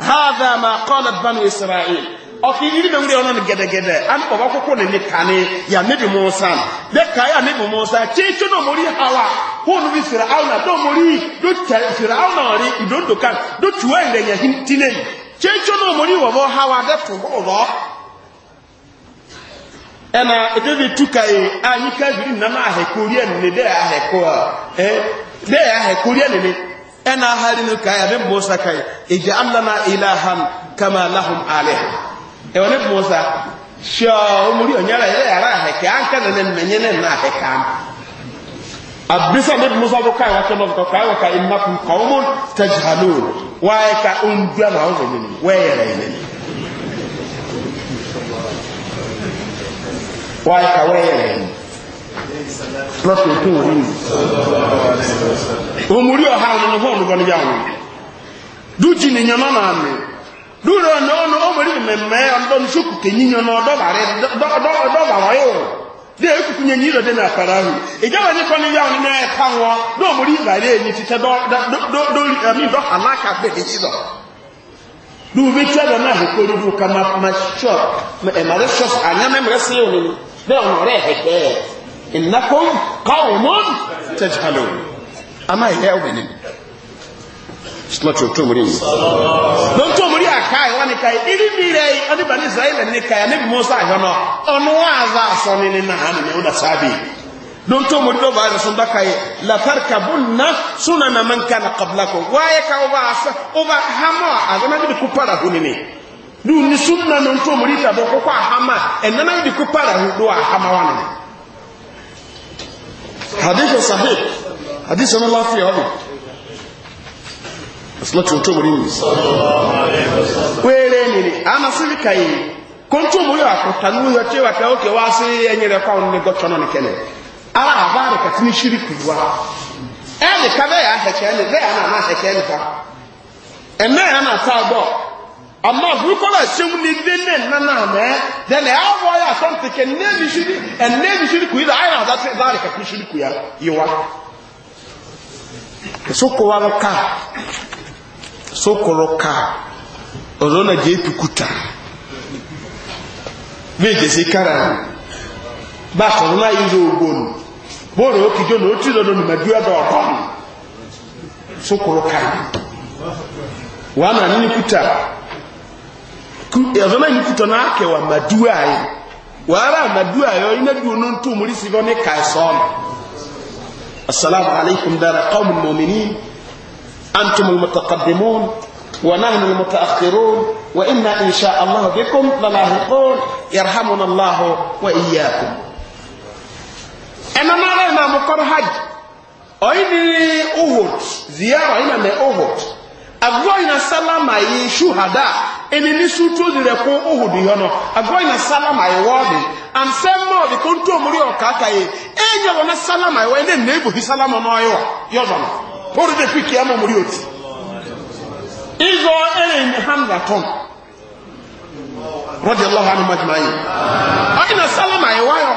Speaker 1: hadha ma qalat banu israel ọkì yìí bẹ wúlò ọ̀nà gẹ̀dẹ̀gẹ̀dẹ̀ àmì ọ̀bọ̀ kókó nìkan ni yà níbi mùsà bẹ́ẹ̀ ká yà níbi mùsà tí tí ó náà mórí hàwà wọn bi fira aw na dɔw mori do tɛ fira aw na ɔri idodo kan do tuwa yɛrɛ ɲɛ tile yi hawa de tu bɔ wɔ ɛna edo de ka ye a ka biri na ahɛ koriya nene de ahɛ ko a ɛ de ahɛ na nene ɛna ahari no ka ye a bɛ mɔsa ka ye eja alana ilahan kama lahum alɛ ɛwɔ eh, eh, ne mɔsa sɔ o mori o nyala yɛrɛ yɛrɛ ahɛ kɛ an ka nana na na ne na ahɛ kan. abisa ne musa bɔ kaa wa kɛnɛ kɔ kaa wa ka ina kun kɔn mu tajihalo waaye ka on dua na ɔn nyini wɔyɛ yɛrɛ yɛrɛ waaye tó wɔ yin omuri ɔha ɔno ne hɔn no bɔ ne bi awon duji ne nyama na ame duuro na ɔno ɔmori mɛmɛ ɔdɔ nsuku kenyi nyɔnɔ ɔdɔ dee ekuku nye nyiro de na akara ahụ ịgawa nyekwa na ya onye na-epa nwa na omori ibara enyi tite dọ alaka bebe jizọ na ube tia da na hekoro bu ka ma ma shop ma emare shop anya na emare si onye ni de ọnụ ọrịa ehebe innakum qawmun tajhalun ama ihe obenim slọtụ otu omori enyi na otu omori aka ịwa nika iri mmiri anyị ọ dịba n'israel nika ya n'ebi musa ahịa nọ ọnụ aza asọ nile na ha nọ ụda sabi don to mo do ba sun da kai la tarkabunna sunana man kana qablakum wa ya ka ba asa o ba hama azana bi ku para hunini du ni sunna non to mo rita do ko kwa hama en na bi ku para hu do hama wana hadith sahih hadith na lafiya wa asalatu otu omori nyi were nyiri amasiri ka yi kontu omori akota n'uyo tí wa kẹwọ kẹwọ asi enyere kwa ọnụ n'egọtọ aba ẹni ka ya ahẹkẹ ẹni bẹ ya na ana ahẹkẹ ẹni ta ẹnẹ ya na ata agbọ ama burukọla na ada e e sẹ ba rika tini shiri kuya yiwa. E sokoroka ozona jeepikuta bejese kara bakọrọ náà yíyọ ogbonu bóòrò òkìjọ náà ó tí lọ́dọ̀ ní mẹ́dúwẹ́dọ̀ ọ̀dọ́nù sokoroka wàá nà nínú kuta na yìí kuta náà kẹwà mẹ́dúwẹ́ ayé wàhálà mẹ́dúwẹ́ ayé ọ iná dùn ní ntòmùrí sí lọ́ní kàìsọ́ọ̀nù asalaamualeykum dara kọ́ọ̀mù mọ́mìnì. أنتم المتقدمون ونحن المتأخرون وإنا إن شاء الله بكم للاحقون يرحمنا الله وإياكم أنا ما رأينا مقر حج أين أهد زيارة هنا من أهد أقوينا سلام أي شهداء إن نسوتو ذلكو أهد يونو أقوينا سلام أي وابي أن سمو بكنتو مريو كاكاي إن يوانا سلام أي وإن نيبو في سلام أنا يو يوزنو pori de fi kiyama muri oti izo ere ni hamza ton radiyallahu anhu majma'in akina salama e wayo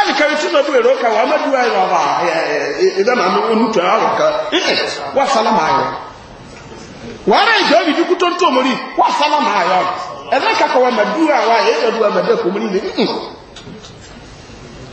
Speaker 1: ani kari ti mabu ero ka wa madu ayo ba e da na onu to awo ka wa salama ayo wa ra ijo bi duku ton to wa salama ayo e da ka ko wa madu ayo e da du amade ko muri ni eh, eh, eh.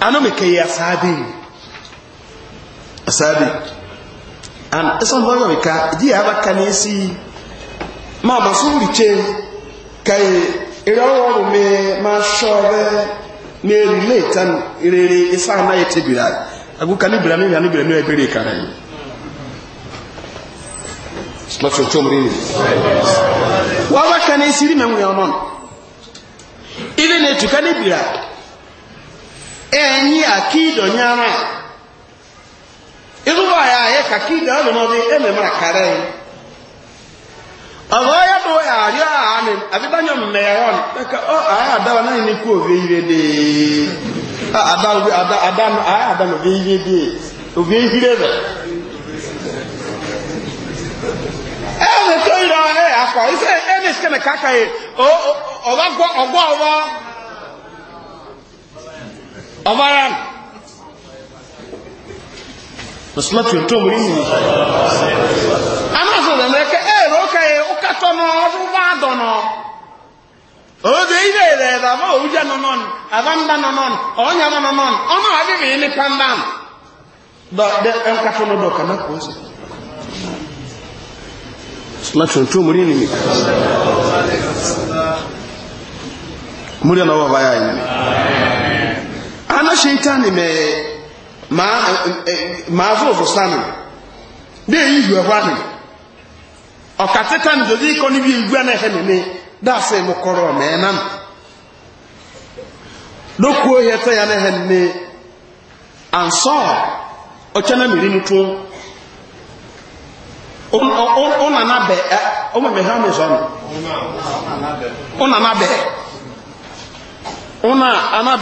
Speaker 1: ana mai kai asabi asabi an isan ba mai ka ji ya baka ne si ma ba su rice kai irawo e, e me ma shobe me relate an irere isa e na yete bira agu kani bira ne ya ni bira ne bere kare Slash of Chomrini. Wawa can I see him and we are none? Even a Tukani Bira, ẹ̀yìn àkídọ̀ ní ara ìrúwà ya ayẹ́ kàkídọ̀ ọlọ́mọdé ẹ̀mẹ̀mọ́ àkàrẹ́ yìí ọ̀rọ̀ ya bọ̀ ya a àánì àbíbányọ̀ mẹ́rọ̀ pẹ̀kẹ́ ọ àyà àdáwà náà ní kú ire dé àyà àdánù òwe ire ire rẹ̀ ẹ̀rẹ̀ tó yìí ẹ̀ ọ̀gbọ́
Speaker 2: ọ̀gbọ́ ọbaran
Speaker 1: lọsọmọtì ọtọ mọ ní nìyí anáṣọ ọdọ mẹkẹ ẹ rọ kẹ ẹ ọkẹtọ nọ ọdún bá dọ nọ òde ilé rẹ bàbá òwúdjẹ nọnọ nù àbámbá nọnọ nù ọnyàmọ nọnọ nù ọmọ àdébìyí ní pàmbá nù dọ dẹ ẹ nkatọ nọ dọ kàná kò sí lọsọmọtì ọtọ mọ ana shaitani me ma maa vovo sanu de yi ni ọkateta ni dozi ni bi egwu ana ehe nene daasị mụ kọrọ mee na m lokwu na ehe nene ansọ ọcha na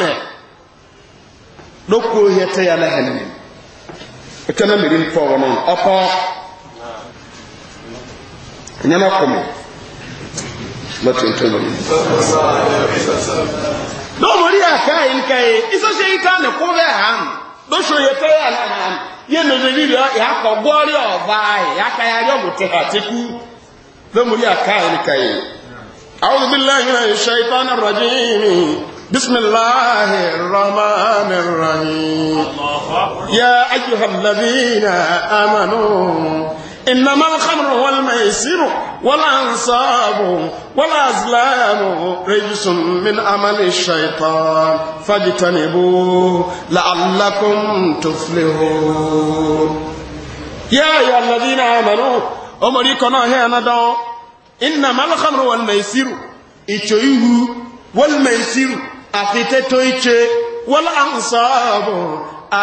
Speaker 1: e, dɔkɔ yɛ tɛ yɛ lɛ hɛnɛ ɛtɛ na mɛri mpɔ wɔn no ɔpɔ nyɛma kɔmɔ na tuntun yi ka yi isɛsɛ yi ta ne kɔ bɛ ha dɔsɔ yɛ tɛ yɛ lɛ ha yɛ nɔnɔni yɛ yɛ akɔ gbɔri ɔbaa yɛ yɛ aka yɛ mo tɛ yi ka yi. أعوذ بالله من الشيطان بسم الله الرحمن الرحيم يا أيها الذين آمنوا إنما الخمر والميسر والأنصاب والأزلام رجس من عمل الشيطان فاجتنبوه لعلكم تفلحون يا أيها الذين آمنوا أمريكنا هنا دعوا إنما الخمر والميسر إتشويه والميسر àti tètò ike wọ́lá àǹsàbọ̀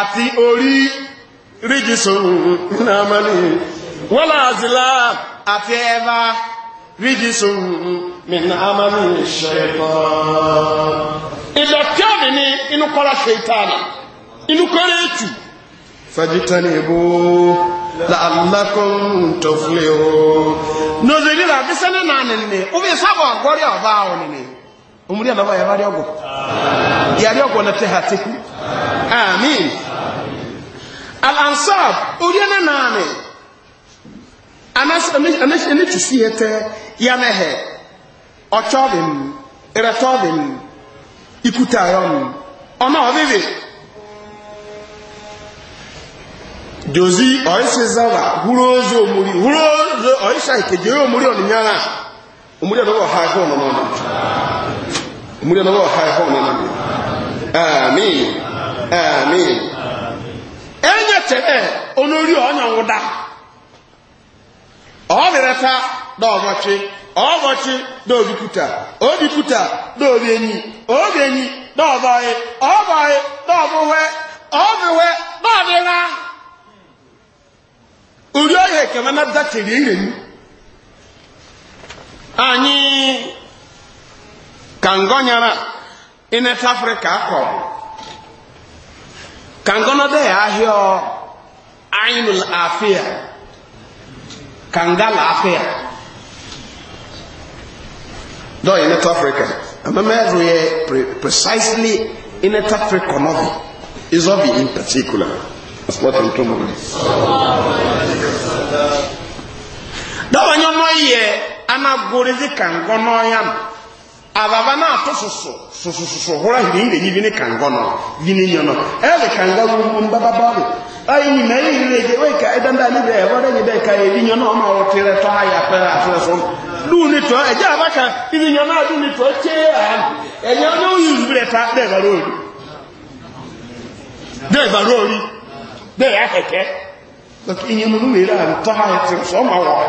Speaker 1: àti orí ríjìsọ̀ nàmàlì wọ́lá àzìlá àti ẹ̀bá ríjìsọ̀ nàmàlì ṣẹ̀kọ́. ìdọ̀tí ọ̀dì ni inú kọ́lá ṣe ìtàlẹ̀ inú kọ́lá ètù. fajitani ibo la'allakum tuflihun. nozeli la bisani naani ni o bi sábà gbọ́rí ọba àwọn ni umuri anaba yaba ari ogo yari ogo na te hatiku Amen. al ansab na nane anas anas ene tusi ete yamehe ochobim eratobim ikutayom ona obibi jozi oise zawa hurozo omuri hurozo oisa ikeje omuri oninyara omuri anaba ha ko no no múlẹ̀ náà wọ́n káyẹ̀ fọ́ọ̀mù náà mi àmín àmín ẹ̀yẹ tẹ̀lẹ̀ onórí ọ̀nyà ń da ọ̀ọ́dẹ̀rẹ̀ ta dọ̀ọ̀bọ̀tì ọ̀ọ́bọ̀tì dọ̀ọ̀bìkúta ọ̀ọ́bìkúta dọ̀ọ̀bìẹ̀yìn ọ̀ọ́bìẹ̀yìn dọ̀ọ̀bọ̀yẹ ọ̀ọ́bọ̀yẹ dọ̀ọ̀bọ̀wẹ ọ̀ọ́bìwẹ dọ̀ọ̀bìwẹ orí ọ̀yẹ̀ kẹ̀mẹ́ náà dá tẹ̀lé ìrẹ̀yìn anyị kangonyana ine tafrika akọ kangona de ahio ainul afia kangala afia do ine tafrika amamezu ye pre precisely ine tafrika novi izobi in particular aswatu mtumu dawa nyono ye ana gurizi kangona yana ababa na ato soso sosososo hora hiri ne yibi ne kango no yini ni na yiri le je weka edanda ni be boda ni be ka yidi nyono o ma o tire to ha ya pe afre so du ni to e ja abaka yidi nyono adu ni to che an e nyono use bre ta de ba road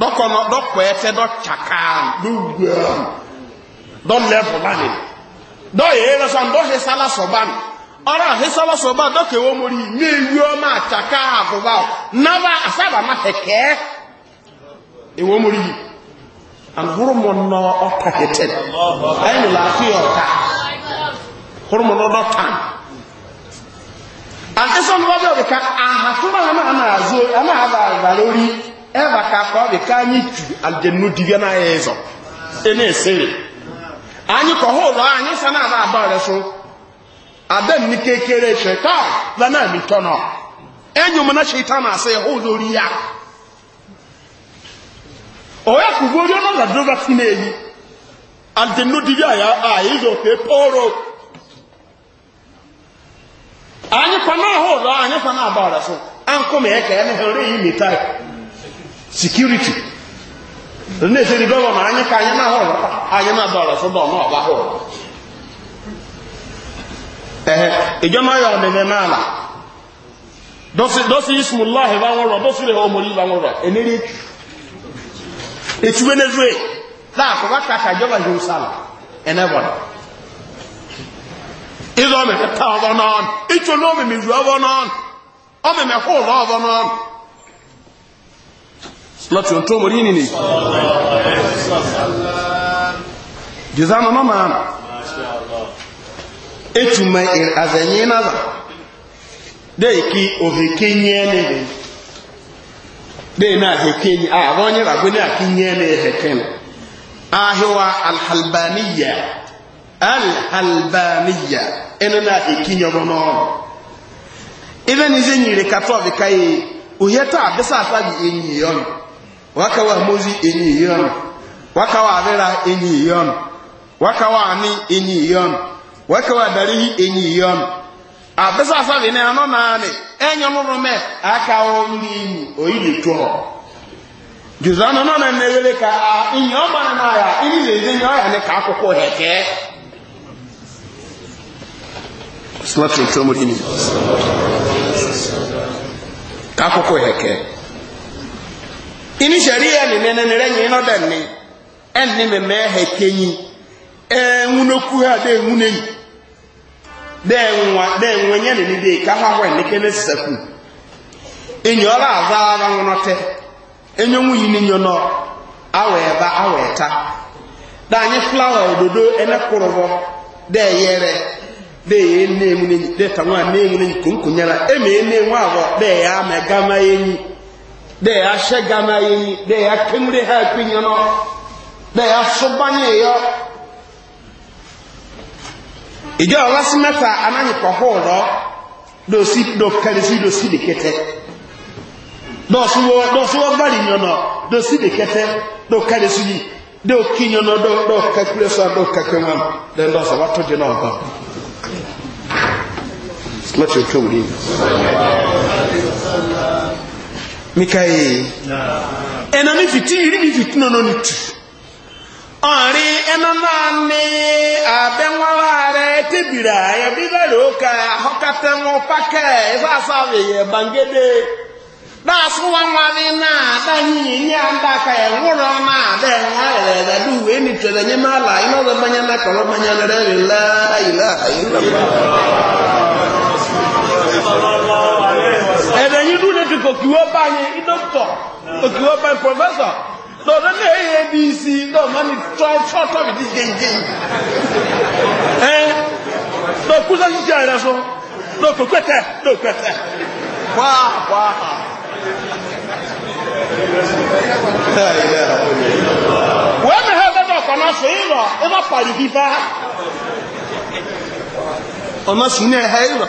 Speaker 1: dɔkɔnɔ dɔkɔɛtɛ dɔtsakan dɔwuam dɔlɛbɔlani dɔyɛ lɔsɔn dɔhesala sɔban ɔrɔ hesala sɔban dɔkɛwɔ mori n'ewuama atsaka abuba nava asabama kɛkɛ ewɔ mori ani horomɔnɔ ɔta kɛtɛ ɛyini laafi ɔta horomɔnɔ dɔta ani sɔnni wa o de ka ana azo ana ava eba ka ka ọ dị ka anyị tu aljannu dibịa na ya ịzọ ị e na-esere anyị ka kọhụ ụlọ anyị sa na-aba aba ọrịsụ ada m nike kere sheta la na mito no enyo m na sheta na asị hụ lori ya ọya kwugbo onye ọnọ ladova si na-eyi aljannu dibịa ya a ịzọ pe poro anyị kwa na ahụ ụlọ anyị kwa na aba ọrịsụ ankụ ma eke ya na ha ore yi mitai security nneseri gọvanọ anya ka anyị na-ahụ anyị na-adọrọ sụdọ n'ọba hụ ehe ijọma ya n'ala dọsị ismullahi ba nwụrọ dọsị rehe omori ba nwụrọ enere etu etu na-akụba kaka jọba jerusalem taa láti ohun tó mọ̀rí nìní jùzánu náà máa ètùmọ̀ àzẹ̀yìn náà dẹ́ẹ̀kí òhèké yẹ́ nìyẹn dẹ́ẹ̀ náà hèké yẹ́ àwọn yẹ́ ràgbé náà kí yẹ́ nìyẹn hèké nìyẹn ahiwa alhalbaniya alhalbaniya ẹni náà hèké yẹ́ bọ́ náà ibẹ̀ ni zẹ́ nyìrì katọ́ bìkáyé òhètọ́ àbẹ́sà àtàbí ẹ̀yìn yọ́nù Wakawa mozi enyi iyi ọnụ wakawa wa arịra enyi iyi ọnụ wakawa anị enyi iyi ọnụ wakawa wa enyi iyi ọnụ abịsa asabi na anọ naanị enyi ọnụrụ me aka ọnụ oyi oyiri tụọ juzo anọ nọ na nneghere ka inyi ọgbara na ya ini na-ezi nye ọya ka akwụkwọ heke Slap your thumb ini sheria ni nene ni renyi ino dani eni me mehe kenyi e nwunoku ha de nwuneni de nwa de nwenye ni de ka ha hwe ni kene saku enyi ola aza ara nwonote enyo nwu yini nyo no awe eba awe ta da anyi flower ododo ene kurubo de yere de ye ne muneni de tanwa ne muneni kunkunyara eme ne nwa abo de ya megama yenyi dɛ ahyɛ ghana yi dɛ akemre ha akwinya no dɛ asobanye yɔ ìjọ ọlọsí mẹta anáhìpọ hóòrọ dòsí dòkẹrìsí dòsí dèkẹtẹ dòsúwọ dòsúwọ bàrì yànnà dòsí dèkẹtẹ dòkẹrìsí yìí dòkì yànnà dòkẹkẹrẹ sọ dòkẹkẹrẹ wọn lẹnu dọsọ wà tó di náà gbà. láti òkè wòlíì mikaye ɛna ne fiti yiri ne fiti nono ne tu ɔre ɛna naane abɛnwalaare tebira yɛbi bɛrɛ oka hɔkatɛmo pakɛ ɛfasa bi yɛ bangede daasi wanwari naa dahi nye andaka yɛ nworo naa dɛ nwa yɛrɛ yɛrɛ du wei ni tɛrɛ nye ma la ina na kɔlɔ na rɛ bi la ayila ẹ̀rẹ̀ yìí dúró lẹ́tù kò kìwọ́ bá yẹn ìdókítọ̀ kò kìwọ́ bá yẹn pọ̀fẹ́sọ̀ tó ọ̀dọ́ náà èyí ẹ̀ bí sí náà má ní tọ́tọ́ mi díje ìje ẹ̀ tó kú sọ ṣíṣe rẹ̀ fún tó kò pẹ́tẹ́ tó pẹ́tẹ́ wá wá. wọ́n mi hẹ́ bẹ́ẹ̀ ọ̀kan náà sọ yìí lọ ẹ má pàrọ̀ ìdí bá ọ̀nà sùn ní ẹ̀hẹ́ yìí lọ.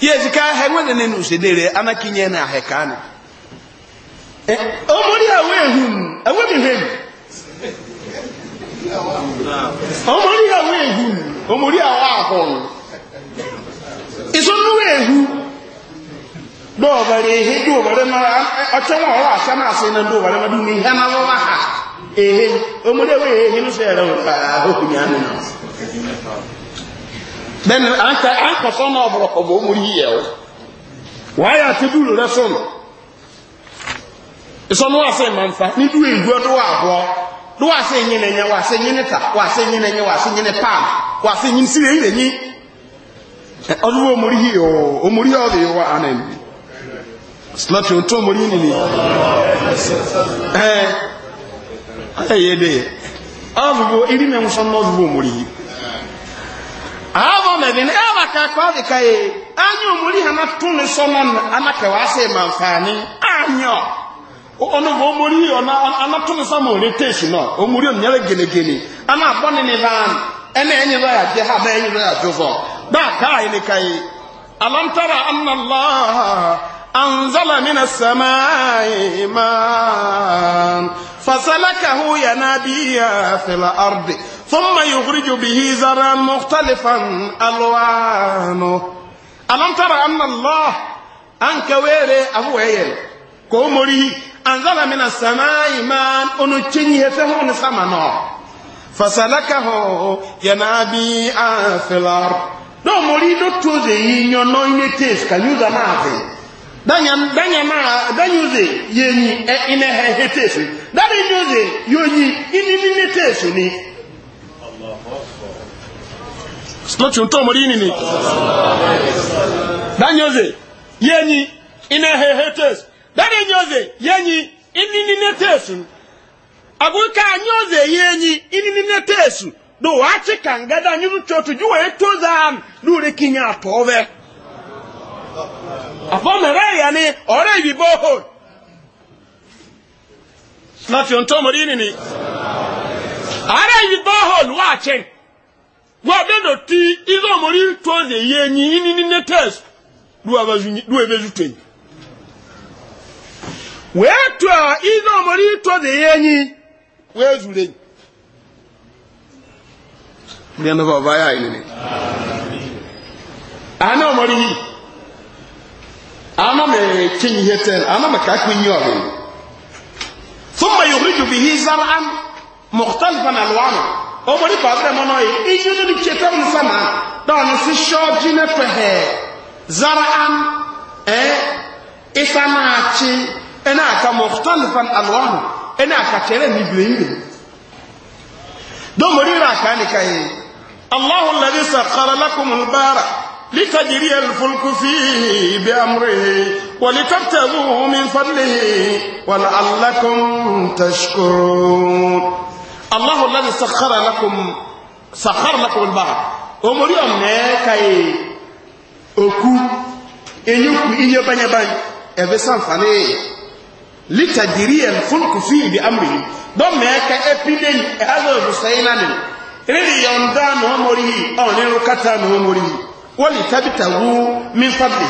Speaker 1: yezi ka ha nwere ne n'usedere anakinye na ahekani
Speaker 2: omori awe ehun
Speaker 1: awe omori awe ehun omori awa ahun isonu ehu dɔwɔbare ehe dɔwɔbare ma ɔtɔn wa ɔwɔ asa na ase eh, na dɔwɔbare ma dumi hɛ na wɔwɔ ha ehe omori awe ehe no sɛ yɛrɛ wɔ then anka anka so na obro ko bo muri ye o why are to do the son so no ase manfa ni du eju do abo do ase nyi na nya wa ase nyi ne ta wa ase nyi na nya wa ase nyi ne wa ase nyi sire nyi nyi odu wo muri hi o o muri o de wa anan slot yo to muri ni ni eh aye de avu iri me nso no du wo awo mɛbi ne eh, awa kakɔ adi ka ye anyi omuli hana tun ne sɔnna ana kɛ wa se manfaani anyɔ ɔno omuli ɔna ana tun ne sɔnna o le te si nɔ omuli ɔna yɛrɛ genegene ana ثم يخرج به زرا مختلفا ألوانه ألم ترى أن الله أنك ويري أبو عيل كومري أنزل من السماء ماء أنتشني فهون سمنا فسلكه ينابيعا في الأرض dɔw mori do toze yi nyɔnɔ nye tes ka nyuza naa fe danya danya naa danyuze yenyi ɛ inɛ hɛ he tes dani nyuze yonyi ini ni ne tes ni lọ́tún tó mọ̀rí nìní. Dányoze yẹ́nyi iná hehe tẹ̀s. Dányoze yẹ́nyi iní níné tẹ̀sù. Àgùnkà anyoze yẹ́nyi iní níné tẹ̀sù. Do wàá ti kànga dá nínú tóòtù ju wàá tó zàn lórí kìnyà àtọ̀ bẹ́. Àfọ̀mẹ̀rẹ̀ yẹn ni ọ̀rẹ́ ìbí bọ́ọ̀hùn. Lọ́tún tó mọ̀rí nìní. Ààrẹ ìbí bọ́ọ̀hùn wà wadada ti izo mori twaze yenyi ini ni ni ni netes duwa bazunyi duwe bezutwe wetwa izo mori twaze yenyi wezule ndiana baba ya ini ana mori ni ana me kinyi heten ana me kakwi yobe ثم يخرج به زرعا مختلفا الوانه ọmọ nípa abúlé mọ́ náà yìí ìjì tó ní kìí tẹ́wọ̀n sánà dáwọn sí ṣọ́ọ́jì nẹ́pẹ̀ ẹ̀ zara an ẹ̀ e, ìsanáàkì ẹ̀nà e àka mọ̀tánìfàn alwọ́nù ẹ̀nà e àka kẹrẹ ní bìrìngì dọ́mọ̀ rírà àká nìka yìí allahu lari sàkàrà lakumul bára litajiri alfulku fi bi amrihi wa litabtagu min fadlihi wa la'allakum tashkurun الله الذي سخر لكم سخر لكم البحر omori ọmọ ka ye oku enyekwu ihe banyabanye ebe sanfani lita diri ya fulku fi ibi amri don mee ka epide ehaza obusayi na ni riri yonda na omori ọniru kata na omori wọ́n ìtàbítà wú mí fàbí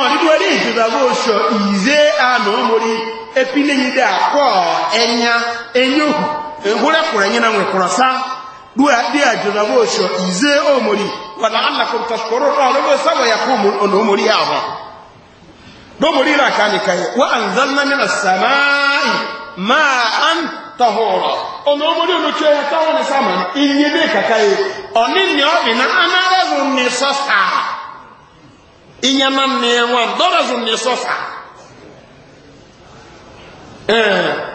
Speaker 1: ọ̀nìdúwẹ́ ní ìjọba oṣù ìzé àná omori epinenyi dẹ́ àkọ́ ẹ̀yà ẹ̀yọ́hù egwure nyina enyi na nwekwara sa dị ajụra osho ize omori mana anakum tashkuru ọrụ ah, sawa ya kwumu ọna omori ya ahụ domori na aka anyị ka wa na min as-samai ma an tahura ọna omori onoche ya tawo ni sama inye de kaka ye oni ni na anarazu ni inye na ni wa dorazu ni sosa eh.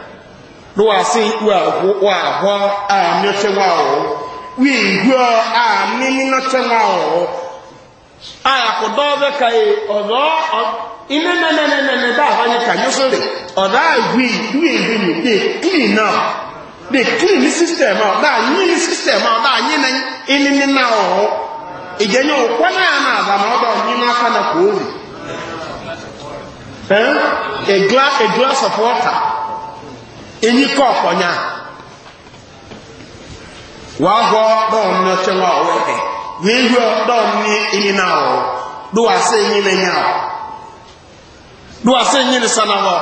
Speaker 1: ló wá a mi tɛ wà hɔ wí ìhú a mi nínú tɛ wà hɔ a kò dɔw e, a ka yóò sóri ɔdɔ a wí wí ìhú clean na de clean system a nyi system a ɔdɔ a nyi ní ilé nínú hɔ ìjẹnyẹ òkú náà náà àdàmà ɔdɔ nyi náà kánà kò a a glass enyi kọ ọkọnya wàá gbọ dọwọn ní ọtí wọn ọwọ ẹ wíì hú dọwọn ní enyi náà wọ dọwọ asẹ enyi náà nya wọ dọwọ asẹ enyi náà sanna wọ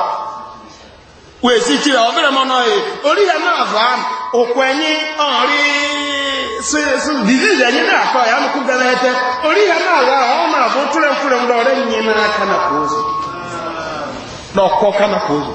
Speaker 1: wọ́n èsì kyerè ọ̀bẹ̀rẹ̀ mọ́ náà yìí orí yẹn náà fà á òkú ẹ̀yìn ọ̀rí dìdí ẹ̀yìn náà kọ́ ẹ̀yà nìkú gẹ́lẹ́ ẹ̀tẹ́ orí yẹn náà wà á ọ̀nà àbó túrẹ̀ fúrẹ̀ ńlọrọ̀ ẹ̀yìn náà kánà kóòzù lọ́kọ́ kánà kóòzù.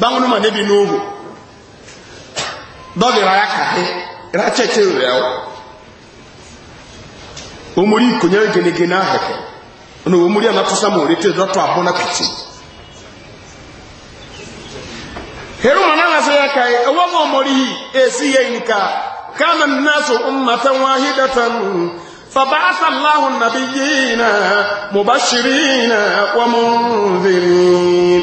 Speaker 1: báwọn onímọ̀ níbi inú òhù dọ́bìrà ya ka ráchẹ́chẹ́ rẹ̀ ọ́ omori ìkònyẹ́ gẹ́gẹ́ náà hẹ̀kẹ́ ọ̀nà omori àmàtúsàmù rẹ̀ tẹ́ dọ́tọ̀ àbọ́nà heru na sai kai awon mori esi yinka ka nasu ummatan wahidatan فبعث الله النبيين مبشرين ومنذرين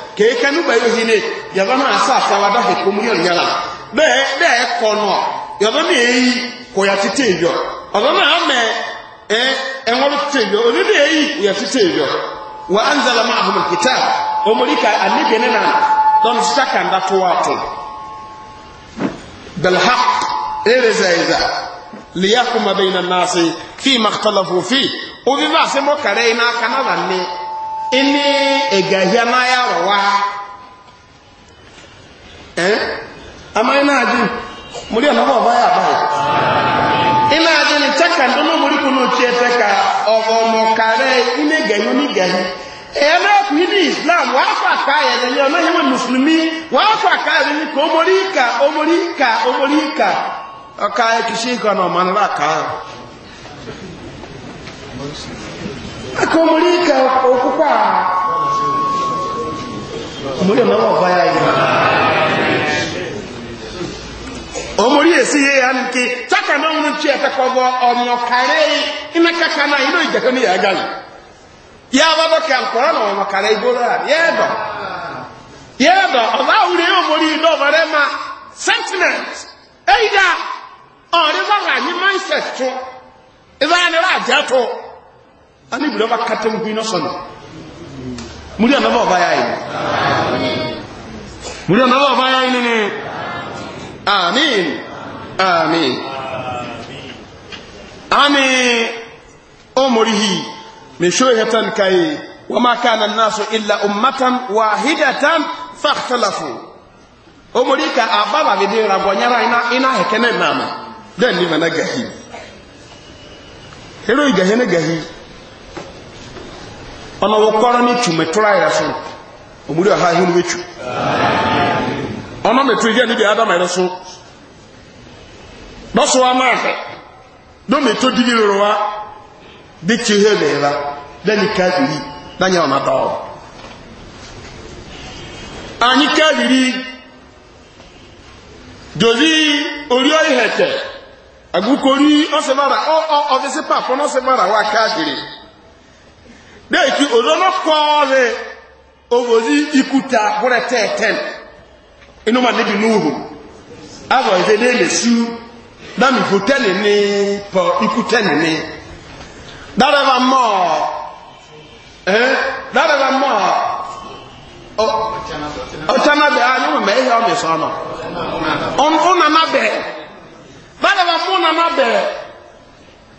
Speaker 1: kèékẹ́ nígbà yóò hin ní yàrá náà sá àtàwọn adáhùn kó mú yọ̀nyá la bẹ́ẹ̀ bẹ́ẹ̀ kọ́ nù ọ́ yàrá náà èyí kò yà títí èyọ ọ̀rọ̀ náà mẹ́ ẹ ẹ̀wọ́n títí èyọ onídìí èyí kò yà títí èyọ wà á ń zàlá máa hùmù kìtà ọmọdéka àníbi ẹni náà lọ́nà títà tó wà tó bẹ̀lẹ́hà ẹ̀rẹ̀ lìyà kùmà bẹ́yìn náà náà sí fíìmà kọ́lọ́fù òbí bá a sẹ́mọ́ kàrẹ́ yìí náà kanáà ime egahia n'ahịa ya rọwa ee eh? amaghị na adị mụrụ ya nọba ọba ya abaghị ị na adị ni chaka ndị ọmụ mụrụ kwuru efe ka ọgọ ọmọ karịa ime gahi onye gahi ee na-ekwu ihe islam wa afọ aka ya na ya ọnaghị nwe musulmi wa afọ aka ya ka omori ka omori ka omori ka ọka ekisi ịgọ na ọmanụrụ aka ahụ
Speaker 2: akomulika okupa omuli omama ovayayo
Speaker 1: omuli esiye yanti taka n'omuntu yatakobo omukale inakakana ino ijako niyagala ya nkora n'omukale igolani yedo yedo oba awuleyo omuli n'obalema sentiment eida ori baganye mindset to ibanira ajato annabi da ba katin gwinon sanu murya na ba baya yi murya na ba baya yi ne amin amin amin umurihi mai shoyatan kai wa ma kana nasu illa ummatan wahidatan fakhtalafu omori ka ababa bi dira gonyara ina ina hekene mama den ni mana gahi hero gahi na gahi ọ̀nà wọ́kọ́rọ́ ní tùmẹ̀ tó ráyà fún òmúrí ọ̀há ihun níbi adama so lọ́sọ̀ wa máa fẹ̀ tó rọrọ wa bí tí ihe mẹ́ra lẹ́ni káàkiri lányà ọ̀nà anyị káàkiri dozi orí ọ̀hẹ̀tẹ̀ agụkọ orí ọ̀sẹ̀ mara wa deki ozono kware obozi ikuta bore teten inu ma nebi nuhu azo ide de lesu na mi hoteli ni po ikuteni ni dara ba mo eh dara ba mo o chana be anyu ah, me ihe o mi so no on funa na be dara ba funa na be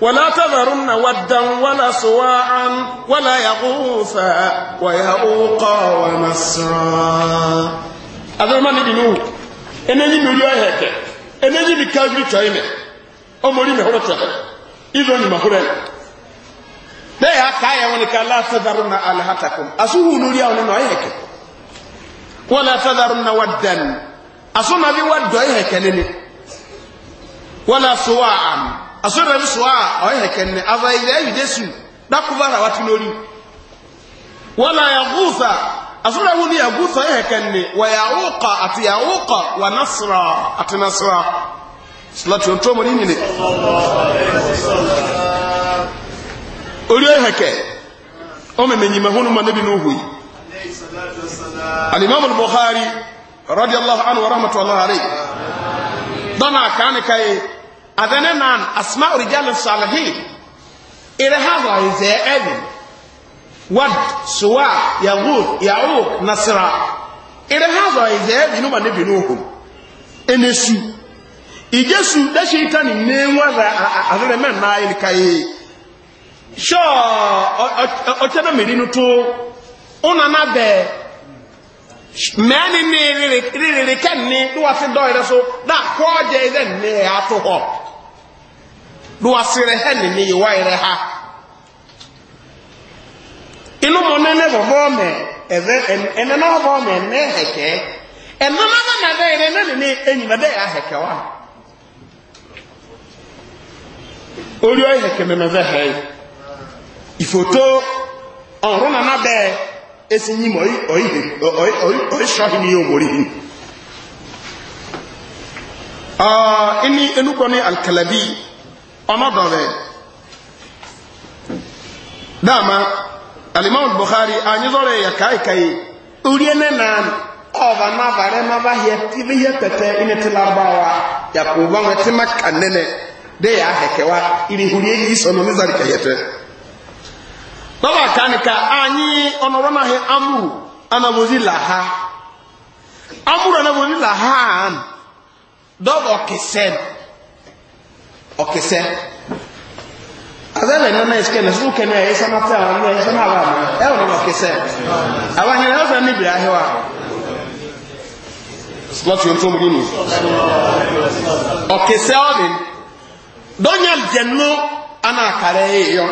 Speaker 1: ولا تذرن ودا ولا سواعا ولا يغوث ويعوق ونسرا أذن ما نبنو انني نريا هيك انني بكاجي تشايمه اموري مهورته اذن مهوره ده يا كايا ونك لا تذرن الهتكم اسو نريا ونو هيك ولا تذرن ودا اسو نبي بي ودو هيك ولا سواعا asọ́rọ̀ ní sọ à ọ̀yẹ̀kẹ́ ní ava ilẹ̀ ẹ̀yìdẹ́sù dákúbára wá tí lórí wọ́n na yàgúfà asọ́rọ̀ wọn ni yàgúfà ẹ̀yẹ̀kẹ́ ní wà yàwókà àti yàwókà wà násìrà àti násìrà sílọ́tì ọ̀tọ́ mọ̀ nínú ilẹ̀ orí ẹ̀yẹ̀kẹ́ ọmọ ẹ̀mẹ̀yìn mẹ́hónú mọ́ níbi n'óhù yìí alimami buhari radiyallahu anhu wa rahmatullahi dọ́nà àkánikà yìí na nan asma rijal salihin ire hawa ize evi wad suwa yagud yauk nasra ire hawa ize evi numa ne binuhu enesu ijesu da shaitani ne nwaza azere men na ayi kai sho na merinu to ona na be mẹ́ni ní rírì kẹ́ni ló wá sí dọ́ ìrẹsọ dáa kọ́ jẹ́ ilé ní ẹ̀ àtúhọ̀ do aserehe ne ne yewa yere ha inu mo ne ne bɔbɔ mɛ ɛvɛ ɛnɛ na bɔbɔ mɛ ne hɛkɛ ɛnɛ na ba na dɛ yɛrɛ ne ne ne enyima dɛ yɛ ahɛkɛ wa olu ayi hɛkɛ mɛ mɛ vɛ hɛ yi ifoto ɔrɔ nana bɛ esi nyim ɔyi ɔyi ɔyi ɔyi ɔyi sɔhi ni yɛ omori yi ɔɔ ah, ɛni enugɔ ni alikalabi. ọmọdọ̀rẹ̀ dáàmà alimọ́n buhari anyịzọrọ ya kaikai urie ne na ọba n'abalị n'aba ihe ibe ihe tete inetila gbawa ya kwa ụba nwetị maka nnene de ya ahekewa iri huri eyi iso na omizari ka yete baba ka anyị ọnọrọ na ahịa amuru anabozi ha amuru anabozi laha dọbọ kesenu ọ̀kẹsẹ́ azẹ́lẹ̀ náà ẹ̀ṣẹ́ kẹ́lẹ̀ sókè náà ẹ̀ṣẹ́ máa tẹ́ àwọn ilé ẹ̀ṣẹ́ máa wà mọ́ ẹ̀wọ̀n náà ọ̀kẹsẹ́ àwọn ẹ̀yẹn ẹ̀ṣẹ́ níbi ahẹ́wà slọ́tì ohun tó mú nínú ọ̀kẹsẹ́ ọ̀dìn dọ́nyà jẹ̀nú anáàkàrẹ̀ èèyọ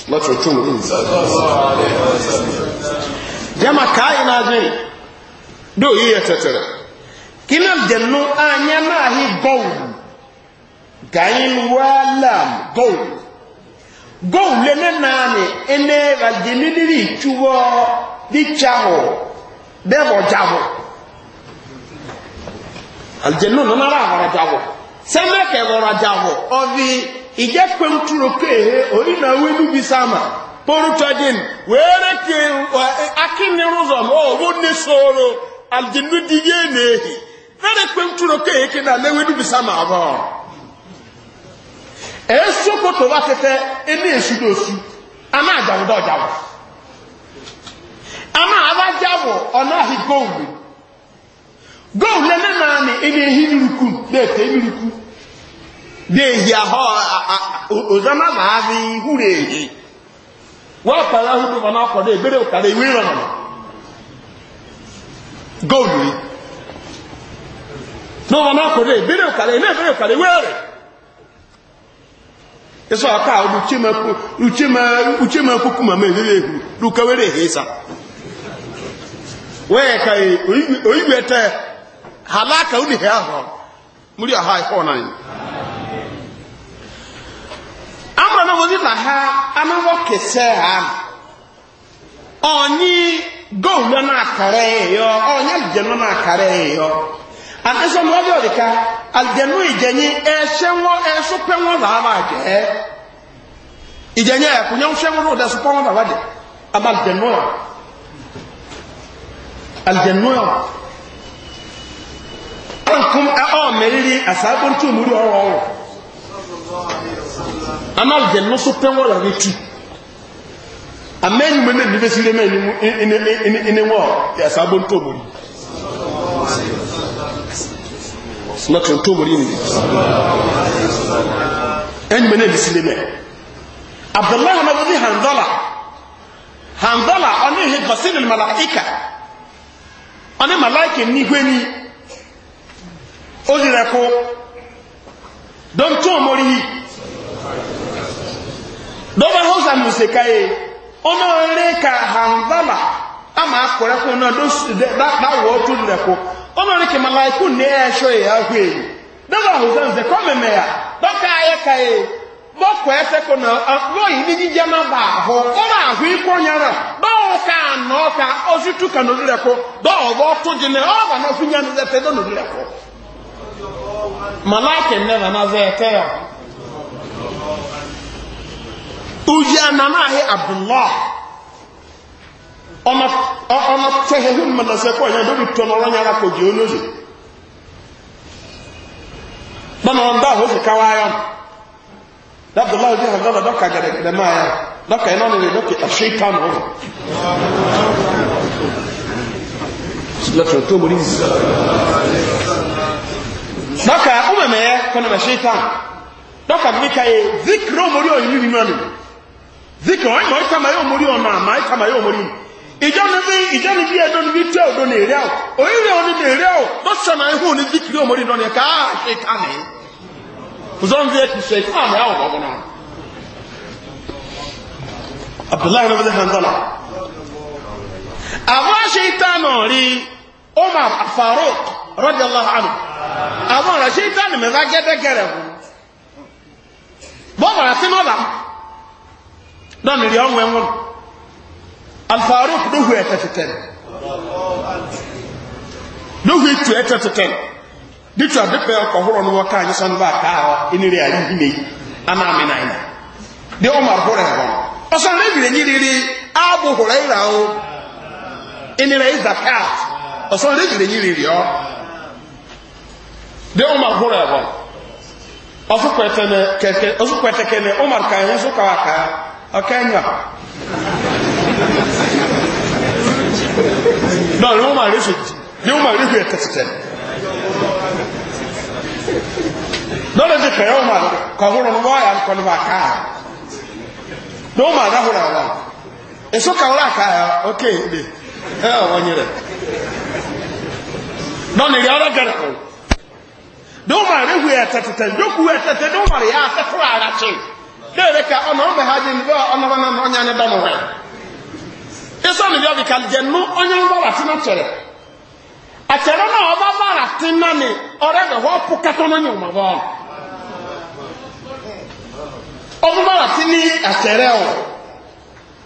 Speaker 1: slọ́tì ohun tó mú nínú jẹ́mà káyìn náà jẹ́ dóòyì yẹ tẹ̀tẹ̀rẹ̀ ina jennu anya nahi gold gayin walam gold gold le nani ene vajenidiri chuwo dị chaho bebo jabo aljennu no mara hara jabo sema ke ọ jabo ovi ije kwenturo ke ori na wenu bisama porutajin were ke ọ rere kwenturo keke na lewedu bisa ma abo eso ko to batete eni esu do su ama ajawo do jawo ama aba jawo ọ hi gowu gowu le na na e ni eni ehi niruku na-ete niruku de ehi aho ozama ma avi na ehi wa pala hu do na ko ebere bere iwe kare wi ran gowu na n'ọba n'akọrọ ebere ụkara eme ebere ụkara were ịsọ aka uche ma kwukwu ma mezere ehu ruka were ehe ịsa wee ka oyiwe te halaka unu ihe ahụ muri ọha ihe na anyị. amụrụ na wozi na ha anaghọ kese ha onye gọọmenti na-akara ya onye aljanna na-akara ya anasọ mu ọdẹ ọdika aljanu ìjẹnyi ẹhyẹ wọn ẹsọ pẹ wọn bàá bàá jẹ ẹ ìjẹnyi ẹkùnyẹ wọn hyẹ wọn ọdẹ ẹsọ pẹ wọn bàá jẹ ama aljanu ọ aljanu ọ ọnkum ẹ ọ mẹriri asaako ntu omuri ọrọ ọrọ ama aljanu so pẹ wọn bàá tu ama enyim ẹnna nífẹsí ẹnna ẹnna ẹnna ẹnna ẹnna ẹnna ẹnna ẹnna ẹnna ẹnna ẹnna ẹnna ẹnna ẹnna sọlọ́tọ̀ tó mọ̀rí nìyí ẹni mẹ́rin ní sílé abdullahi hamadu ní hanzala hanzala ihe malaika malaika ni ó don dọ́bà hausa e. ka hanzala a máa náà tó ọmọrin kì màláìkù ní ẹ̀ṣọ́ ìyá hù èyí dọ́gba ọ̀hùnsẹ́ ǹsẹ̀ kọ́ mẹ́mẹ́ yà dọ́ka ayẹ́ka yẹ bọ́kọ̀ ẹsẹ̀ kò nà ní jíjẹ́ má bà họ́ ọ̀rọ̀ àhú ikú nà ọ́ka jìnnà ọ̀bà náà fi dọ́ náà zẹ́ ọmọ tẹ́hẹ̀ hún mọ̀lá sẹ́kọ̀ yẹn lórí tọ́nà ọ̀rọ̀ yára kò jẹ́ olóòzò bọ́nà ọ̀dá àhóṣù káwáyọ́ dábùlá ojú àgbàlá dọ́kà gẹ̀rẹ̀gẹ̀rẹ̀ máa yá dọ́kà iná nílé dọ́kà àṣẹ ìtàn ọ̀rọ̀ lọ́tọ̀ tó mọ̀rí dọ́kà ọmọmọ yẹ kọ́nà àṣẹ ìtàn dọ́kà bí káyé zikiro mọ̀rí ọ̀yìn nínú ọ̀nà zikiro ọ̀yìn mọ̀ ìtàmáyé ọmọrí ọ̀nà àmà ìtàmáyé ọmọrí ọ̀nà ìjọ́nibí ìjọ́nibí ẹ̀dọ́nibí tẹ́ òdó ní èrè àwọ̀ oríire òní ní èrè àwọ̀ tó sọ̀nà ihu ní zikiri omori dọ́ni ká ṣe ká ní. zọ́nbí ẹ̀ ti sọ ìfún àmì àwọ̀ lọ́wọ́ náà. abdullahi rẹ̀ bẹ́ẹ̀ hanzala. àwọn ṣe ìtànà rí omar farouk rọ́jà allah anu. àwọn ọ̀rọ̀ ṣe ìtànà mẹ́ta gẹ́gẹ́rẹ́ fún. bọ́ọ̀lù rẹ̀ sínú ọ̀la. dọ́ni rí ọ̀hún ẹ̀ wọ́n alfaruk dóhù ẹ̀tẹ̀ tẹ̀tẹ̀ dóhù ètù ẹ̀tẹ̀ tẹ̀tẹ̀ dítù àdípẹ́ ọkọ̀ húrọ̀ ní wọ́n káà yíṣọ́ nígbà káàwọ́ inúrí àyí ìhìmẹ̀ yìí anáàmì náà iná dé ọmọ húrọ̀ ẹ̀wọ̀n ọ̀sán rẹ̀bìrì ní rírí ààbò húrọ̀ ìrà o inúrí zakat ọ̀sán rẹ̀bìrì ní rírí ọ́ dé ọmọ húrọ̀ ẹ̀wọ̀n ọ̀sùpẹ̀tẹ̀kẹ̀ ọmọ kàyẹ̀ sókàwà káà ọ̀kẹ́ náà ni wọ́n máa rí fèjì ni wọ́n máa rí fèjì tẹ̀tẹ̀tẹ̀ lọ́dọ̀ ti pẹ̀lú ọmọ kọ̀húrọ̀ wọ́ọ̀yà kọlu bá káà ní wọ́n máa dáhùrọ̀ wọn èso kàwọ́rọ̀ káà ókè ìdè ẹ̀ wọ́n yẹrẹ̀ náà ni ìyá ọ̀rọ̀ gẹ̀rẹ̀ kọ̀ ní wọ́n máa rí fèjì tẹ̀tẹ̀tẹ̀ ní wọ́n máa rí fèjì tẹ̀tẹ̀tẹ̀ ní wọ́n máa rí fèjì tẹ̀tẹ̀tẹ̀ ní wọ́n máa rí fèjì tẹ̀tẹ̀tẹ̀ ní wọ́n máa rí fèjì tẹ̀tẹ̀tẹ̀ ní wọ́n máa rí fèjì tẹ̀tẹ̀tẹ̀ ní wọ́n máa rí fèjì tẹ̀tẹ̀tẹ̀ ní wọ́n máa rí fèjì tẹ̀tẹ̀tẹ̀ ní wọ́n máa rí fèjì tẹ̀tẹ̀tẹ̀ isɔni bi ɔbi ka nu ɔnyɛ nbara ti na kyerɛ akyerɛ na ɔba bara ti na ni ɔrɛ bɛ hɔ po kɛtɔ na nyɔma bɔ
Speaker 2: ɔmo bara ti ni
Speaker 1: akyerɛ ọ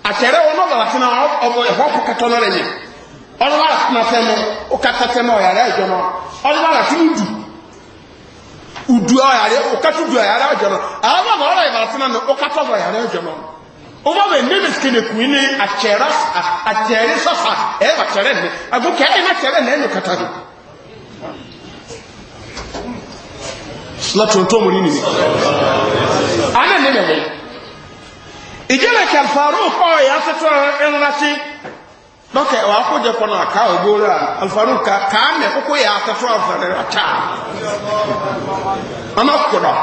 Speaker 1: akyerɛ o ɔmo ti na ɔmo ɛhɔ po na nyɛ ɔmo bara ti na fɛ mo ɔkata na mo ɔyare na ɔmo bara ti ni udu ɔyare ɔkata udu ɔyare ɛdɔ na ɔmo bara ɔyare ɛdɔ na ɔkata ɔyare ɛdɔ na. ọba bẹ ne bẹ a kun ne akyɛra akyɛre ebe ɛyɛ akyɛrɛ ne agogo ɛyɛ na akyɛrɛ na ɛyɛ kata ne. silatontɔn mu ni nini ana ne bɛ wɔ ìjẹ́lẹ̀ kẹfàáró kọ́ ẹ̀ asẹ́tọ́ ẹnu láti lọ́kẹ̀ wà kó jẹ́ kọ́nà àká ògbóra alfàáró ká káà mẹ́ kókó yà asẹ́tọ́ àfẹ́rẹ́ àtà ọmọkùnrin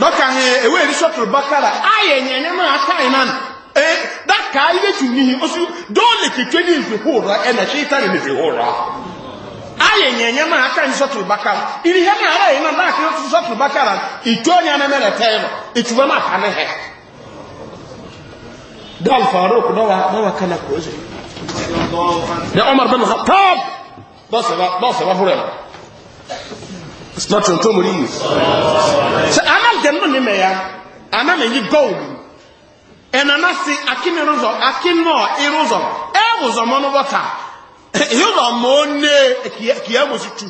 Speaker 1: lọ́kẹ̀ ewé ìrísọ́tò bákàrà ayẹyẹ ẹ̀yẹ́ máa ká eh daka ileju ni osu dole keke ni zuhura ena shaitani ni zuhura aye nyenye ma aka ni sotu bakara iri he na ara ina daka ni sotu bakara itonya na mere tayro ituwa ma kana he dal faruk dawa dawa kana koze da umar bin khattab basa basa ba hurela Sọ́tún tó mú rí yìí. Ṣé àmà jẹ́ nínú ní mẹ́ya? Àmà mẹ́yí gọ́ọ̀lù ẹnana si akin irunzọ akin nọ irunzọ ẹwùzọ mọnu bọta irunzọ mọ ne kìí ẹmu si tu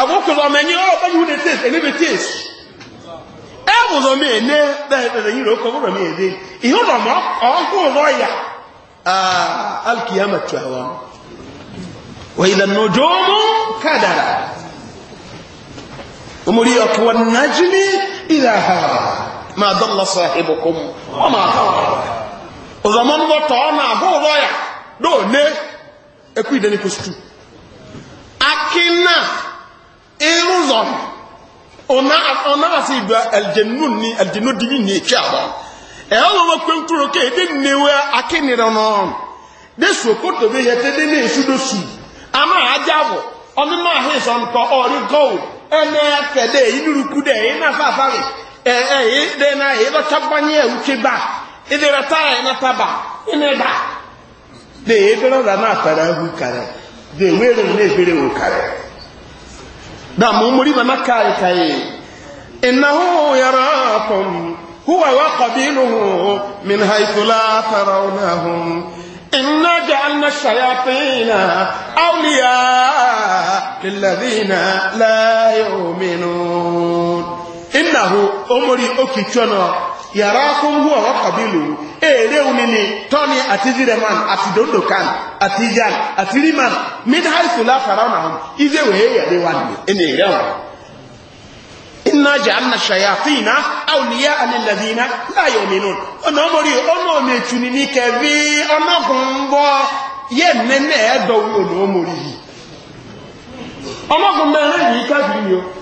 Speaker 1: agokozọ mọ ẹni ọrọ bẹyìí wúni tẹsí ẹni bẹ tẹsí ẹwùzọ mi ẹnẹ bẹẹ bẹẹ yìí rẹ ọkọ mi ẹnẹ irunzọ mọ ọgùnzọ yà alikiyama tu ẹwà wà ilẹ̀ nùjọ́mù kàdàrà ọmọdé ọkọ wọn nàjìmí ìlà hàrà. ما ضل صاحبكم وما غوى وزمان وطعنا هو رايا دو ني اكو يدني كستو اكنا ايروزون ona ona asi ba aljannun ni aljannu dibi ni chaba e awo wa kwenkuro ke de newe akini nịrị de sokoto be yete de ne sudo su ama ajabo omi ma he son to ori gold ene afede inuruku de ina afa fa ɛɛ eh, eh, de na ye bɛ ta banye ye wuce ba e de la ta ye na ta ba e ne ba de ye dɔrɔn la n'a taara ewu kare de wele ne bere o kare da mɔmɔri mana kari ka ye innahu yarakum huwa wa qabiluhu min haythu la tarawnahum إنا جعلنا الشياطين أولياء للذين لا يؤمنون innahu omori okichono yarakum huwa wa qabilu ere unini toni atizireman atidondokan atijan atiliman min haythu la tarawnahum ize wehe yade wanni ene ere wa inna ja'alna shayatina awliya'a lil ladina la yu'minun ono omori ono mechuni ni kevi ono gumbo ye nene edo wi ono omori ọmọkùnrin mẹ́rin yìí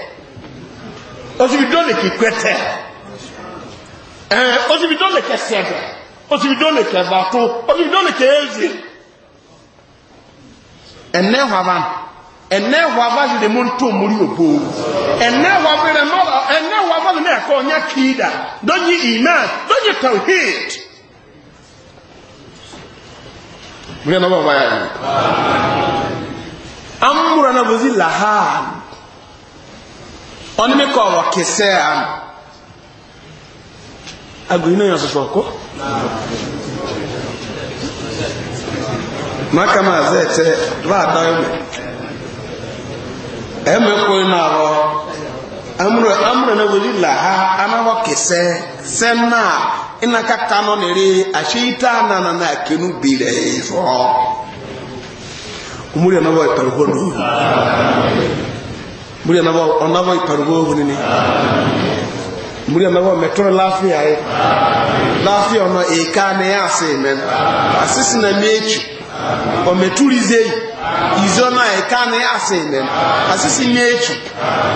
Speaker 1: osibidole kikwete eh osibidole kesebe osibidole kebato osibidole keezi ene hwaban ene hwaba jide monto muri obo ene hwabere mara ene hwaba ne ko nya kida donyi iman donyi tauhid mwe na baba ya amura na bozi lahan ɔne e me kɔ wɔ kesɛ ano agoyi no yɛ soso ɔkɔ makama azɛ ɛmɛ na rɔ amuro amuro na weli la ha anabɔ kesɛ sɛn na ina ka kanɔ nere ahyɛ na kenu bi muri anabo onabo iparugo hunini muri anabo metro lafiya ye lafiya ono eka ikane ya semen asisi na mechu o metulize izo na eka ikane ya semen asisi mechu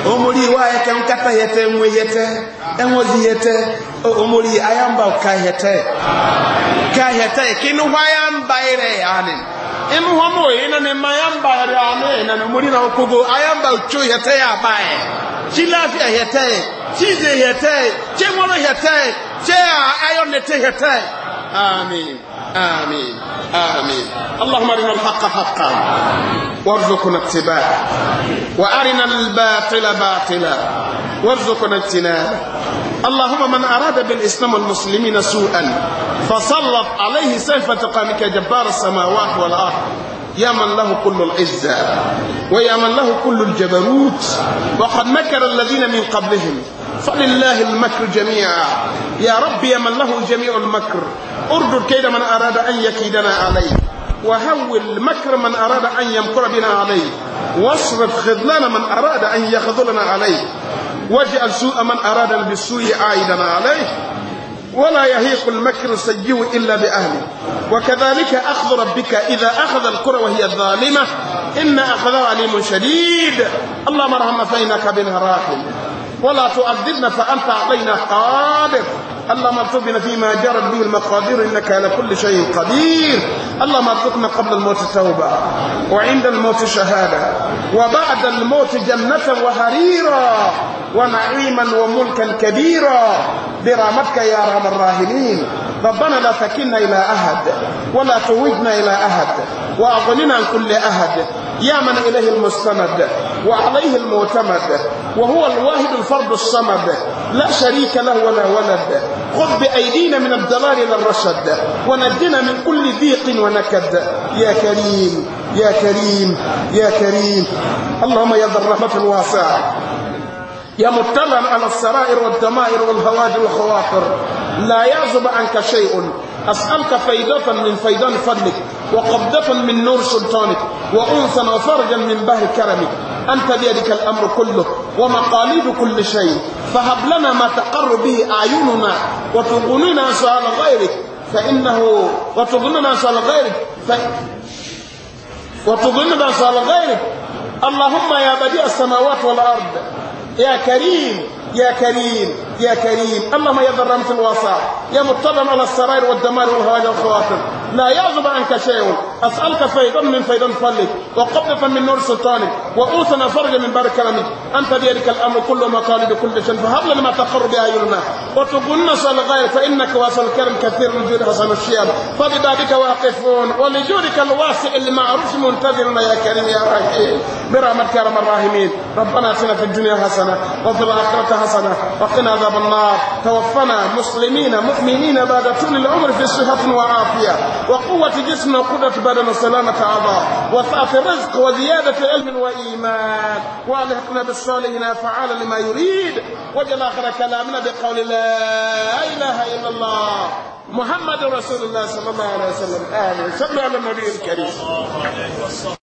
Speaker 1: o muri wa yete nkata yete nwe yete enwozi yete o muri ayamba ka yete ka yete kinu wa yamba ire yanin inu hɔn o e, yina ni ma yamba yɛrɛ ano yina ni muri na okogo ayamba otso yɛtɛ yɛ aba yɛ tilafiya yɛtɛ yɛ tize yɛtɛ yɛ tiɛŋɔlɔ yɛtɛ yɛ tiɛ ayɔnɛtɛ yɛtɛ yɛ amin amin amin allahumma arina alhaqa haqa warzuqna ittiba'a wa arina albatila batila warzuqna ijtinaba اللهم من أراد بالإسلام والمسلمين سوءا فصلف عليه سيف تقامك جبار السماوات والأرض يا من له كل العزة ويا من له كل الجبروت وقد مكر الذين من قبلهم فلله المكر جميعا يا رب يا من له جميع المكر ارد كيد من أراد أن يكيدنا عليه وهول مكر من أراد أن يمكر بنا عليه واصرف خذلان من أراد أن يخذلنا عليه واجعل سوء من أراد بالسوء عائدا عليه ولا يهيق المكر السيئ إلا بأهله وكذلك أخذ ربك إذا أخذ القرى وهي الظالمة إن أخذها عليم شديد اللهم ارحمنا فإنك بنا راحم ولا تؤذبنا فأنت علينا قادر اللهم ارزقنا فيما جرت به المقادير إنك على كل شيء قدير اللهم ارزقنا قبل الموت توبة وعند الموت شهادة وبعد الموت جنة وهريرا ونعيما وملكا كبيرا برحمتك يا ارحم الراحمين ربنا لا تكلنا إلى أحد ولا توجنا إلى أحد وأغننا عن كل أحد يا من إليه المستند وعليه المعتمد وهو الواحد الفرد الصمد لا شريك له ولا ولد خذ بأيدينا من الضلال إلى الرشد ونجنا من كل ضيق ونكد يا كريم يا كريم يا كريم اللهم يا ذا الرحمة الواسعة يا مطلعا على السرائر والدمائر والهواجر والخواطر لا يعزب عنك شيء أسألك فيضة من فيضان فضلك وقبضة من نور سلطانك وأنثى وفرجا من بهر كرمك أنت بيدك الأمر كله ومقاليد كل شيء فهب لنا ما تقر به أعيننا وتظننا سؤال غيرك فإنه وتغنينا سؤال غيرك ف... وتغنينا سؤال غيرك اللهم يا بديع السماوات والأرض يا كريم يا كريم يا كريم أما ما في الواسع يا مطلم على السرائر والدمار والهواج والخواطر لا يغضب عنك شيء أسألك فيضا من فيضا فلك وقبلة من نور سلطانك وأوثنا فرجا من بارك كلامك أنت بيدك الأمر كل مطالب بكل شيء فهب لنا ما تقر بأعيننا وتقلنا الغاية فإنك واصل الكرم كثير الجود حسن الشيام فببابك واقفون ولجودك الواسع المعروف منتظرنا يا كريم يا رحيم برحمتك يا رب الراحمين ربنا اتنا في الدنيا حسنة وفي الآخرة حسنة حسنة وقنا عذاب النار توفنا مسلمين مؤمنين بعد طول العمر في صحة وعافية وقوة جسم وقدرة بدن وسلامة أعضاء وثأف رزق وزيادة علم وإيمان وألحقنا بالصالحين فعال لما يريد وجل آخر كلامنا بقول لا إله إلا الله محمد
Speaker 2: رسول الله صلى الله عليه وسلم آمين صلوا على النبي الكريم